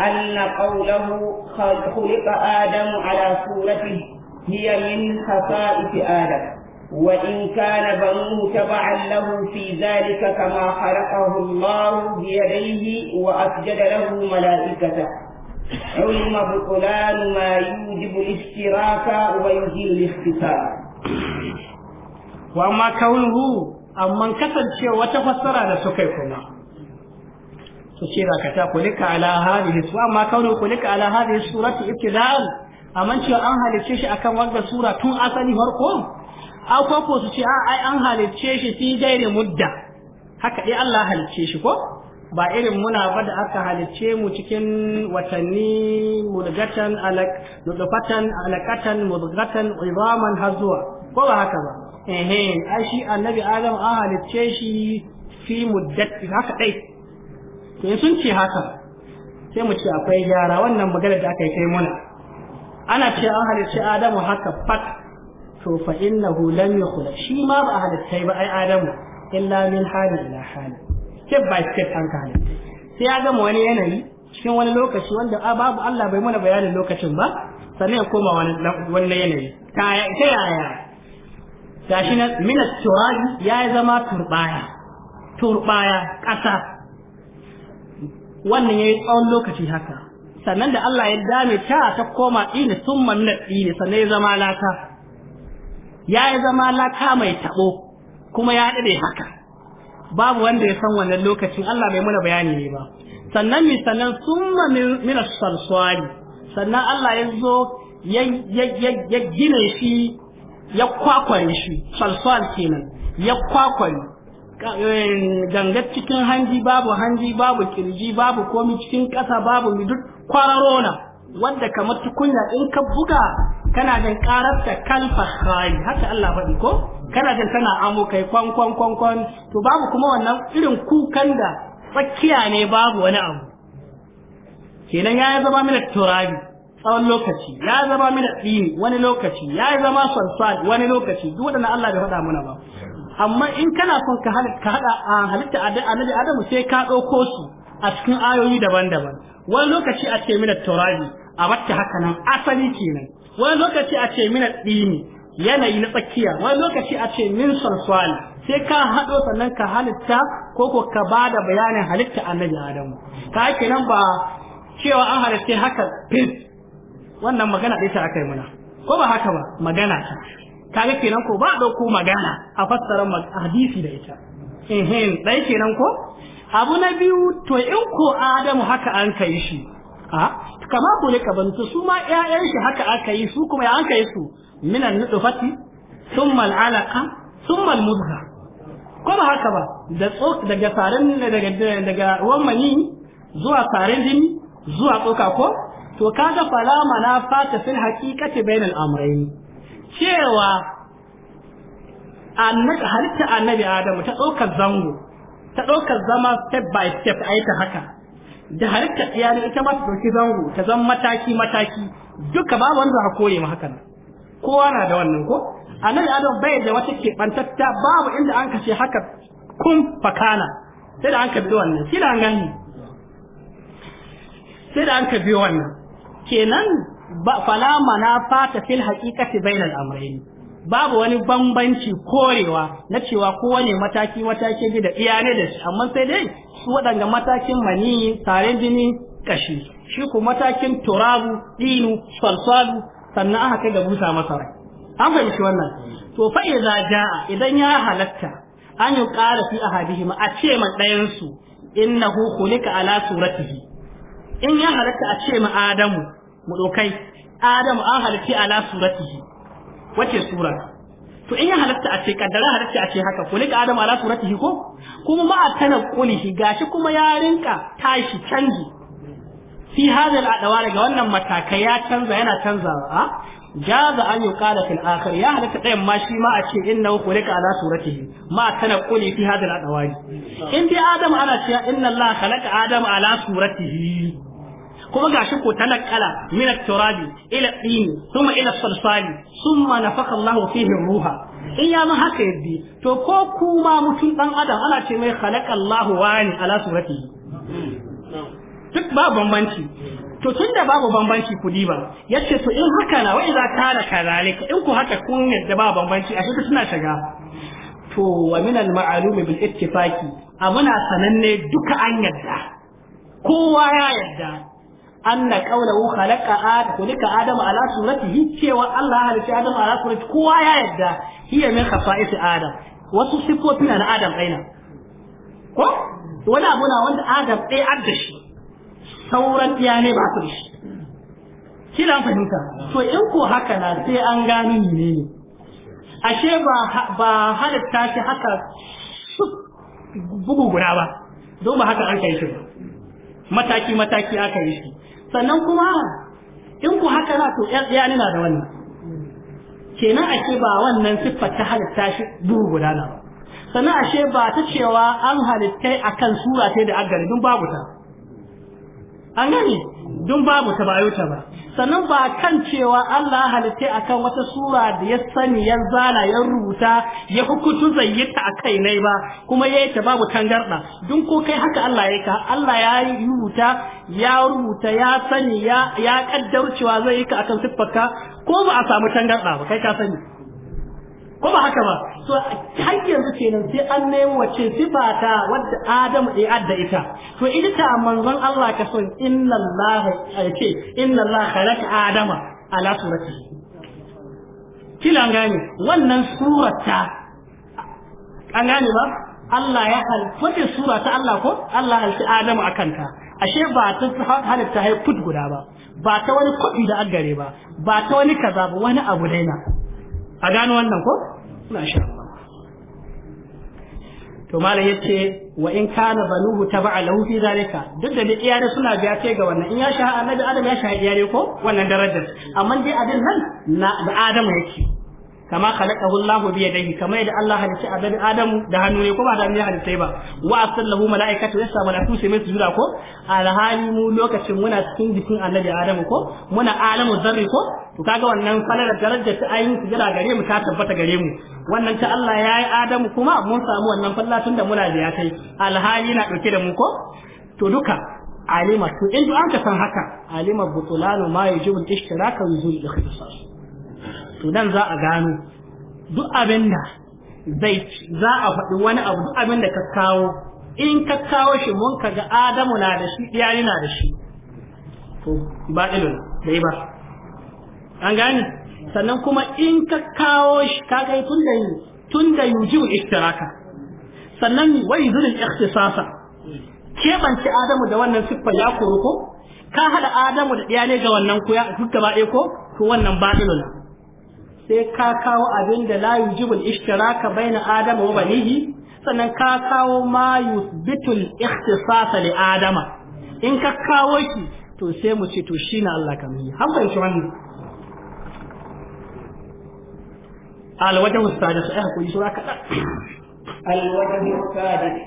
أن قوله خلق آدم على صورته هي من خصائص آدم وإن كان بنوه تبعا له في ذلك كما خلقه الله بيديه وأسجد له ملائكته علم بطلان ما يوجب الاشتراك ويزيل الاختصار وأما كونه أما انكسر شيء وتفسر على لسكيكما تشير كتاب لك على هذه السورة أما كونه لك على هذه السورة ابتداء amma cewa an halicce shi akan wanda sura tun asali farko akwai ko su ce ai an halicce shi fi gaire mudda haka dai Allah halicce shi ko ba irin muna ba da aka halicce mu cikin watanni mudgatan alak nudfatan alakatan mudgatan idaman hazwa ko ba haka ba eh ai shi annabi adam an halicce shi fi muddat haka dai to sun ce haka sai mu ce akwai gyara wannan magana da aka yi kai muna ana ce an halicci adamu haka fat to fa innahu lam yukhlaq shi ma ba halitta ba ai adamu illa min hali ila hali step by step an ka halitta sai ya gama wani yanayi cikin wani lokaci wanda babu Allah bai mana bayanin lokacin ba sannan ya koma wani yanayi ta yaya gashi na minas turabi ya zama turbaya turbaya ƙasa wannan ya yi tsawon lokaci haka sannan da Allah ya dame ta ta koma ɗini sun manna ɗini sannan ya zama laka ya yi zama laka mai taɓo kuma ya ɗaɗe haka babu wanda ya san wannan lokacin Allah bai muna bayani ne ba sannan mi sannan sun mina sarsuwari sannan Allah ya zo ya gina shi ya kwakware shi sarsuwar kenan ya kwakware eh, gangar cikin hanji babu hanji babu kirji babu komi cikin ƙasa babu duk kwararona wanda kamar tukunya in ka buga kana jin karar da kalfa khali haka Allah faɗi ko kana jin tana amo kai kwan kwan kwan kwan to babu kuma wannan irin kukan da tsakiya ne babu wani abu kenan ya zama mina turabi tsawon lokaci ya zama mina tsini wani lokaci ya zama sansan wani lokaci duk waɗannan Allah bai faɗa mana ba amma in kana son ka halitta a halitta annabi Adamu sai ka ɗauko su a cikin ayoyi daban-daban wani lokaci a ce mina taurari a batta haka nan asali kenan wani lokaci a ce mina tsini yanayi na tsakiya wani lokaci a ce min salsali sai ka haɗo sannan ka halitta ko ko ka ba da bayanin halitta annabi adamu ka kenan ba cewa an halitta haka fis wannan magana ɗaya ta aka yi mana ko ba haka ba magana ta kaga kenan ko ba ɗauko magana a fassara hadisi da ita ɗaya kenan ko abu na biyu to in ko adamu haka an kai shi a kama ko ne ka bantu su ma ƴaƴan shi haka aka yi su kuma ya an kai su minan nutfati thumma al'alaqa thumma al-mudgha ko ba haka ba da tsok daga farin daga daga wamani zuwa farin jini zuwa tsoka ko to kaga falama na fata fil haqiqati bainal amrayn cewa annabi halitta annabi adamu ta tsokar zango ta ɗaukar zama step by step a ta haka da harkar iyali ita ma ta ɗauki zango ta zama mataki mataki duka babu wanda za koye ma hakan kowa na da wannan ko annabi adam bai da wata keɓantatta babu inda an kashe haka kun fakana sai da an ka biyo wannan shi da an gani sai da an ka biyo wannan kenan ba fala manafa ta fil haqiqati bainal amrayn babu wani bambanci korewa na cewa kowane mataki mataki bi da iya ne da shi amma sai dai su waɗanga matakin mani tarin jini kashi shi ku matakin turabu dinu salsalu sannan aka kai ga busa masa rai an fahimci wannan to fa iza jaa idan ya halatta an yi ƙara fi ahadihim a ce ma ɗayan su innahu khuliqa ala suratihi in ya halatta a ce ma adamu mu dokai adamu an halatti ala suratihi wace sura to in ya halatta a ce kaddara halatta a ce haka kulli ka adam ala suratihi ko kuma ma atana kulli gashi kuma ya rinka tashi canji fi hada al'adawa daga wannan matakai ya canza yana canzawa jaza an yuqala fil akhir ya halatta ɗayan ma shi ma a ce innahu ka ala suratihi ma atana quli fi hada al adawari in bi adam ala ce inna allah khalaqa adam ala suratihi kuma gashi ko talakkala min at-turabi ila tin kuma ila salsali thumma nafakha Allah fihi ruha in ya mun haka yaddi to ko kuma mutum dan adam ana ce mai khalaqa Allah wani ala suratihi duk ba bambanci to tun da babu bambanci kudi ba ya ce to in haka na wai za ta da kazalika in ku haka kun yadda ba bambanci a shi suna shiga to wa min al ma'lum bil ittifaqi a muna sananne duka an yadda kowa ya yadda anna qawluhu khalaqa adam kulika adam ala suratihi cewa Allah ya halice adam ala suratihi kowa ya yadda hiya min khasa'is adam wasu sifofi na adam aina ko wani abu na wanda adam ɗaya adda shi sauran ɗaya ne ba su da shi da fahimta to in ko haka na sai an gano ne ne ashe ba ba halitta shi haka bugu guda ba don ba haka an kai shi mataki mataki aka yi shi sannan kuma in ku haka na to ya na da wannan kenan ashe ba wannan siffar ta halitta shi duhu guda na ba sannan ashe ba ta cewa an halittai akan sura ta da don babu ta an gani. don babu ta ba ta ba sannan ba kan cewa Allah halitta akan wata sura da ya sani ya zana ya rubuta ya hukutu ta a kai nai ba kuma yayi ta babu tangarda dun ko kai haka Allah ya ka Allah ya yi rubuta ya rubuta ya sani ya ya kaddar cewa zai yi ka akan siffarka ko ba a samu tangarda ba kai ka sani ko ba haka ba to har yanzu kenan sai an nemi wace sifa ta wadda Adamu ya adda ita to ita manzon Allah ka son inna Allah eh, ce inna Allah khalaqa Adama ala surati kila gane wannan surata an gane ba Allah ya halitta sura ta Allah ko Allah halitta Adamu akan ta ashe ba ta halitta hai guda ba ba ta wani kudi da aggare ba ba ta wani kaza ba wani abu daina a gano wannan ko masha Allah to malam yace wa in kana banuhu ba'a lahu fi zalika duk da iyare suna biya kai ga wannan in ya shaha annabi adam ya shaha iyare ko wannan darajar amma dai abin nan na da adamu yake kama khalaqahu Allahu bi yadayhi kama yadda Allah halitta adam Adamu da hannu ne ko ba da hannu halitta ba wa asallahu malaikatu yasa malaiku sai mai sujuda ko alhali mu lokacin muna cikin jikin Annabi Adamu ko muna alamu zarri ko to kaga wannan falalar darajar ta ayin sujuda gare mu ta tabbata gare mu wannan ta Allah yayi Adamu kuma mun samu wannan tun da muna da ya kai alhali na dauke da mu ko to duka alima to in an ka san haka alima butulanu ma yajibu al-ishtiraka wa yuzul ikhtisas to nan za a gano duk abin da zai za a faɗi wani abu duk abin da ka kawo in ka kawo shi mun ka ga Adamu na da shi iyali na da shi to ba ilon dai ba an gani sannan kuma in ka kawo shi ka kai tun da tun da yujibu ishtiraka sannan wai zulul ikhtisasa kebance Adamu da wannan siffa ya kuru ko ka hada Adamu da ɗaya ne ga wannan ku ya duk gaba ɗaya ko to wannan ba ilon sai ka kawo abin da la yujibul ishtiraka baina adama wa banihi sannan ka kawo ma yuthbitul ikhtisasa li adama in ka kawo shi to sai mu ce to shi na Allah kan yi an fahimci wannan alwajen ustadis ai hakuri so aka alwajen sadis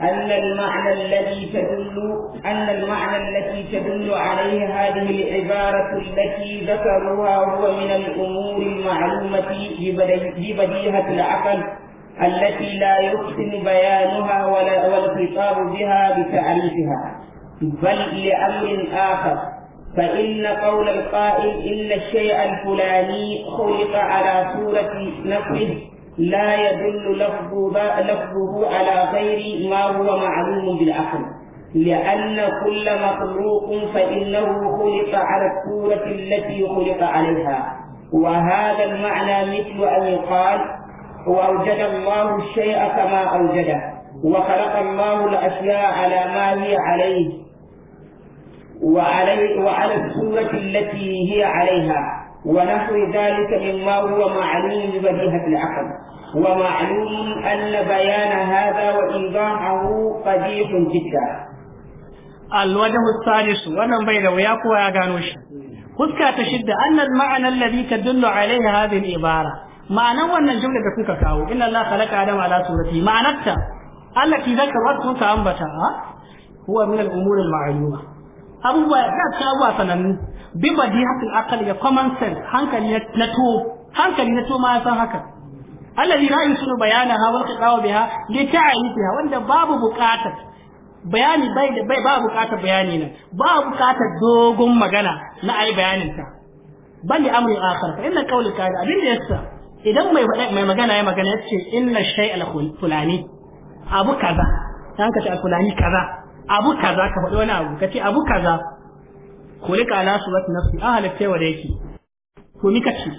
أن المعنى الذي تدل أن المعنى التي تدل عليه هذه العبارة التي ذكرها هو من الأمور المعلومة ببديهة العقل التي لا يحسن بيانها ولا والخطاب بها بتعريفها بل لأمر آخر فإن قول القائل إن الشيء الفلاني خلق على صورة نفسه لا يدل لفظه, على غير ما هو معلوم بالعقل لأن كل مخلوق فإنه خلق على الصورة التي خلق عليها وهذا المعنى مثل أن يقال وأوجد الله الشيء كما أوجده وخلق الله الأشياء على ما هي عليه وعلي وعلى الصورة التي هي عليها ونحو ذلك مما هو معلوم ببديهة العقل ومعلوم أن بيان هذا وإيضاحه قبيح جدا الوجه الثالث ومن بين وياكو يا قانوش خذك تشد أن المعنى الذي تدل عليه هذه العبارة معنى أن الجملة تكون كاو إن الله خلق آدم على صورته معنى التي ذكرت تنبتها هو من الأمور المعلومة أبو بيكا كاوة فننه bi badihatul aqal ya common sense hankali na to hankali na to ma ya san haka alladhi la yusulu bayana ha wal qadawa biha li ta'yifiha wanda babu buƙatar bayani bai da bai babu buƙatar bayani nan babu buƙatar dogon magana na ai bayanin ta bali amri akhar fa inna qawli kaza abin da yasa idan mai mai magana ya magana yace inna shay'al fulani abu kaza dan ka ce fulani kaza abu kaza ka faɗi wani abu ka ce abu kaza kulika ala surat nafsi a halitta wa da yake to ni kace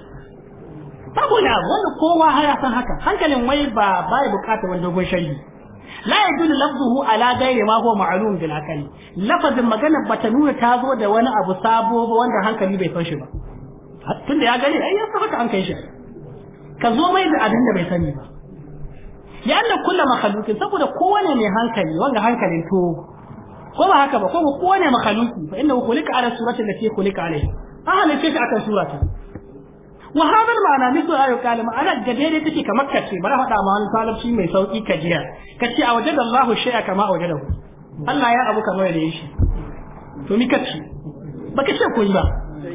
babu na wani kowa har san haka hankalin wai ba bai bukata wani dogon sharhi la yadullu lafzuhu ala ghairi ma huwa ma'lum bil akali lafazin magana bata nuna ta zo da wani abu sabo ba wanda hankali bai san shi ba tunda ya gani ai ya san haka an kai shi ka zo mai da abin da bai sani ba ya anna kullu makhluqin saboda kowane mai hankali wanda hankalin to ko ba haka ba ko mu kone makhluki fa innahu khuliqa ala surati allati khuliqa alayha an halice shi akan surata wa hada ma'ana misu ayu kalima ana gadere take kamar kace bari faɗa ma wani salafci mai sauki ka jiya kace a wajada Allahu shay'a kama wajadahu Allah ya abu kamar da yake to mi kace baka ce koyi ba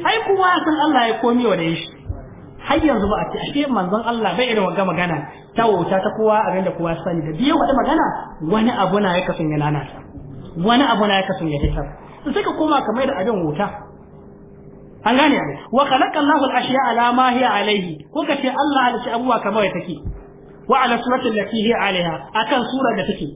ai kuma san Allah ya komi wa da yake har yanzu ba a ce ashe manzon Allah bai irin wanga magana ta wuta ta kowa abinda kowa sani da biyo wata magana wani abu na ya kafin ya nata wani abu na ya kasan ya fitar sai ka koma kamar da abin wuta an gane ne wa khalaqa Allahu al-ashya ala ma hiya alayhi kuka ce Allah alishi abuwa kamar ya take wa ala surati allati hiya alaiha akan sura da take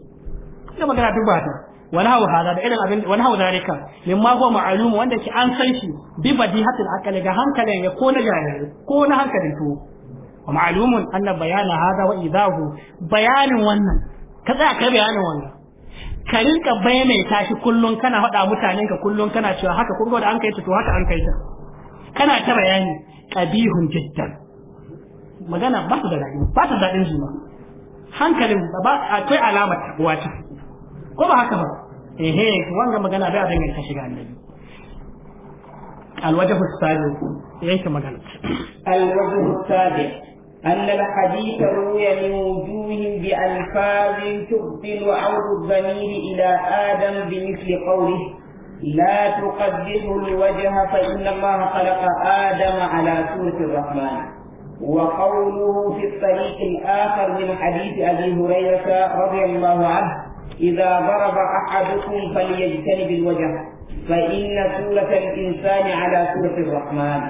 kuma magana duba ta wani hawa hada da irin abin wani hawa zalika mimma huwa ma'lum wanda ke an san shi bi badihatil aqli ga hankalin ya ko na jahili ko na hankalin to wa ma'lumun anna bayana hada wa idahu bayanin wannan ka tsaya kai bayanin wannan ka rinka maimaita shi kullum kana faɗa mutanen ka kullum kana cewa haka kun da an kai ta to haka an kai ta kana ta bayani qabihun jiddan magana ba ta da daɗi ba ta daɗin jima hankalin ba akwai alamar tabuwa ta ko ba haka ba ehe wanga magana bai a ka shiga annabi الوجه السابع ليس مجلس الوجه السابع أن الحديث روي من وجوه بألفاظ تبطل عور الضمير إلى آدم بمثل قوله لا تقدسه الوجه فإن الله خلق آدم على سورة الرحمن وقوله في الطريق الآخر من حديث أبي هريرة رضي الله عنه إذا ضرب أحدكم فليجتنب الوجه فإن سورة الإنسان على سورة الرحمن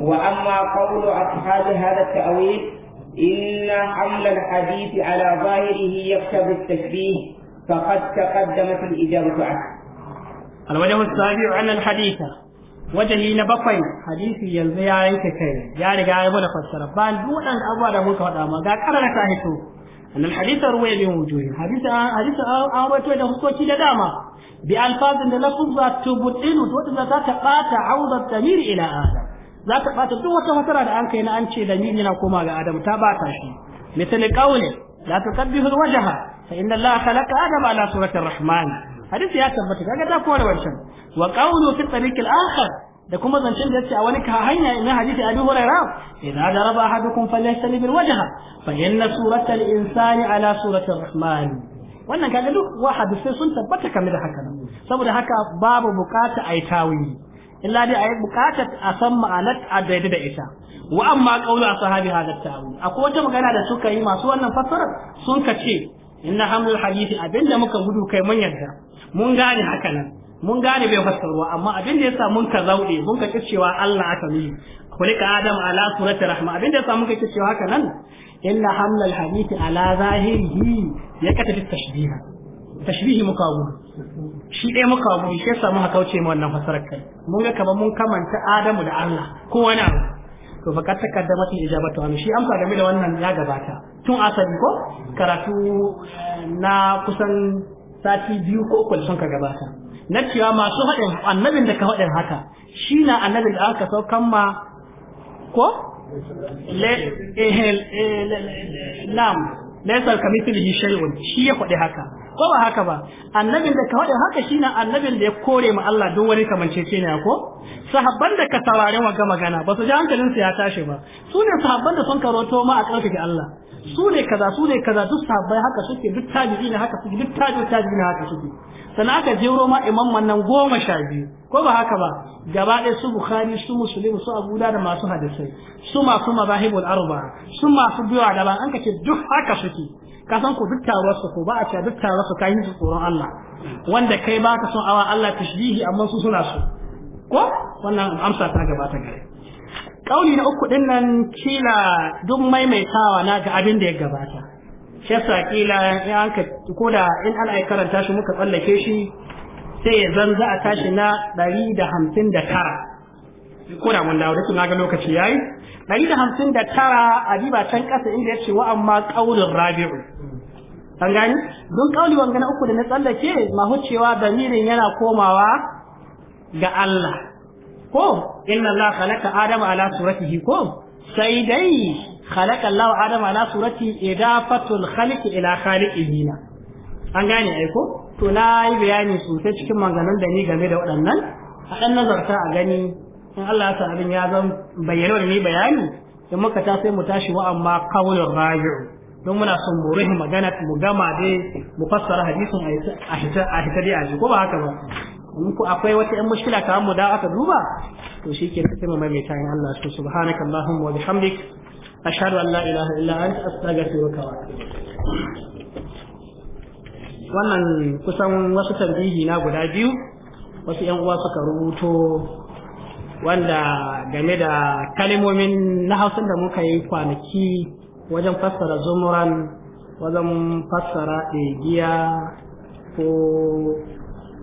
وأما قول أصحاب هذا التأويل إن حمل الحديث على ظاهره يقتضي التشبيه فقد تقدمت الإجابة عنه الوجه السابع أن الحديث wajahi na bakwai hadisi yanzu ya yanke kai ya riga ya bada fassara ba dudan abuwa da muka faɗa ma ga karara ta hito annal hadisa ruwaya bin wujuhi hadisa hadisa an rawaito da hukoki da dama bi alfazin da lafuzza tubtilu za ta bata auzat tamir ina ada za ta bata duk wata fatara da an kai na an ce da miji na koma ga adam ta bata shi misali qawli la tuqaddihu alwajha fa inna allaha khalaqa adama ala surati arrahman hadisi ya tabbata kaga ta da wancan wa qawlu fi tariq al-akhar da kuma zancen da yace a wani ka hanya na hadisi Abi Hurairah idza daraba ahadukum falyastali bil wajha fa inna suratal insani ala surati arrahman wannan kaga duk wa sai sun tabbata kamar haka saboda haka babu bukata ai tawili illa dai ayi bukatar a san ma'anar a daidai da ita wa amma qawlu ashabi hadha ta'awun akwai wata magana da suka yi masu wannan fassara sun ka ce inna hamlul hadisi abinda muka gudu kai mun yarda mun gane hakanan, mun gane bai fassarwa amma abinda yasa mun ka zaude mun ka cewa Allah aka yi kulika adam ala surati rahma abinda yasa mun ka cewa hakanan, nan inna hamlul hadisi ala zahirihi ya kata tashbiha tashbihi muka gudu shi ɗaya muka abu shi yasa muka kauce mu wannan fasarar kai mun ga kamar mun kamanta Adamu da Allah ko wani abu to fa ka takarda mata ijabatu an shi amsa game da wannan ya gabata tun asali ko karatu eh, na kusan sati biyu ko uku da sun ka gabata na cewa masu haɗin annabin da ka haɗin haka shi na annabin da aka saukan ma ko eh, eh, lam laisar kamithlihi shay'un shi ya faɗi haka ko ba haka ba annabin da ka faɗin haka shine annabin da ya kore mu Allah duk wani kamanceceniya ko sahabban da ka saurare ga magana ba su ji hankalin su ya tashi ba su ne sahabban da sun karoto ma a ƙarfafa Allah su ne kaza su ne kaza duk sahabbai haka suke duk tabi'i ne haka suke duk tabi'i tabi'i ne haka suke sannan aka jero ma imamman nan goma sha biyu ko ba haka ba gaba ɗaya su bukhari su Musulmi su abu da masu hadisai su masu mazahibul Arba su masu biyu da daban an kace duk haka suke ka san ku duk taruwar su ko ba a cewa duk taruwar su kai su tsoron Allah wanda kai ba ka son awa Allah tashbihi amma su suna so ko wannan amsa ta gabata gare kauli na uku din nan kila duk maimaitawa na ga abin da ya gabata shi yasa kila in an ka koda in ana ai karanta shi muka tsallake shi sai ya zanza a tashi na 159 ko da mun dawo da na ga lokaci yayi ɗari da hamsin da tara a diba can inda ya ce wa amma ƙaunin rabi'u an gani don ƙauli wanga uku da na tsallake mahucewa damirin yana komawa ga Allah ko inna Allah khalaqa adama ala suratihi ko sai dai khalaqa Allah adama ala surati idafatul khalqi ila khaliqihi an gane ai ko to na yi bayani sosai cikin maganganun da ni game da waɗannan a ɗan nazarta a gani in Allah ya sa abin ya zan bayyana wani bayani da muka ta sai mu tashi wa amma qawlur raji'u don muna son mu rufe magana mu gama dai mu fassara hadisin a hita a dai a ji ko ba haka ba in ku akwai wata yan mushkila kamar mu da aka duba to shi ke sai mu mai tayin Allah su subhanaka allahumma wa bihamdik ashhadu an la ilaha illa anta astaghfiruka wa wannan kusan wasu tambihi na guda biyu wasu yan uwa suka rubuto wanda game da kalimomin na hausun da muka yi kwanaki wajen fassara zumuran wajen fassara ɗegiya ko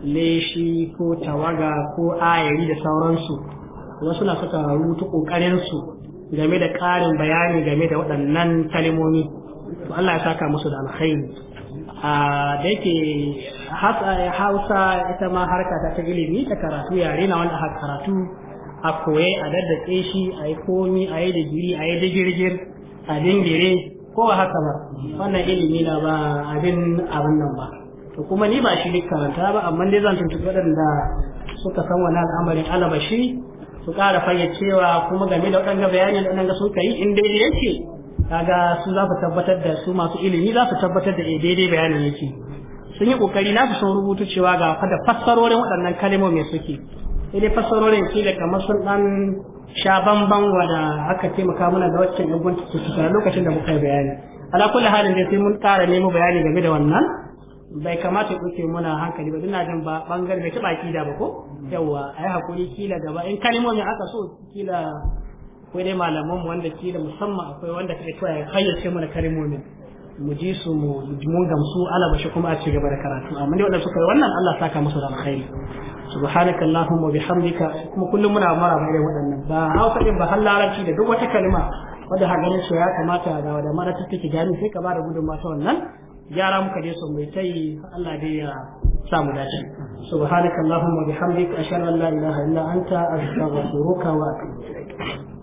leshi ko tawaga ko ayari da sauransu wasu na suka rutu ƙoƙarinsu game da ƙarin bayani game da waɗannan kalimomi to Allah ya saka musu da alkhairi a da yake hausa ita ma harka ta ilimi ta karatu yare na wanda karatu a koye a dada shi a yi komi a yi digiri a yi digirgir a dingire ko a haka ba wannan ilimi na ba abin abin nan ba to kuma ni ba shi ne karanta ba amma dai zan tuntuɓi waɗanda suka san wani al'amarin alabashi su ƙara fayyacewa kuma game da waɗanda bayanin da waɗanda suka yi in daidai yake kaga su za su tabbatar da su masu ilimi za su tabbatar da eh, daidai bayanin yake sun yi ƙoƙari na fi son rubutu cewa ga da fassarorin waɗannan kalmomi suke sai dai fasarorin kila kamar sun dan sha bamban wada aka taimaka mana da waccan yan gwamnati su lokacin da muka yi bayani ala kulli halin da sai mun ƙara nemo bayani game da wannan bai kamata ce muna hankali ba ina jin ba bangare bai taba kida ba ko yawa ai hakuri kila gaba in kalmomin aka so kila ko dai malaman wanda kila musamman akwai wanda kake cewa ya hayyace mana kalmomin mu ji su mu mun gamsu ala bashi kuma a ci gaba da karatu amma dai wanda suka wannan Allah saka musu da alkhairi subhanaka allahumma bihamdika kuma kullum muna mara maraba da waɗannan ba hausa din ba har da duk wata kalma wanda ha ganin ya kamata da wanda mara ta take gani sai ka ba da gudunmawa ta wannan gyara muka je sun mai tayi Allah dai ya sa mu dace subhanaka allahumma bihamdika ashhadu an la ilaha illa anta astaghfiruka wa atubu ilaik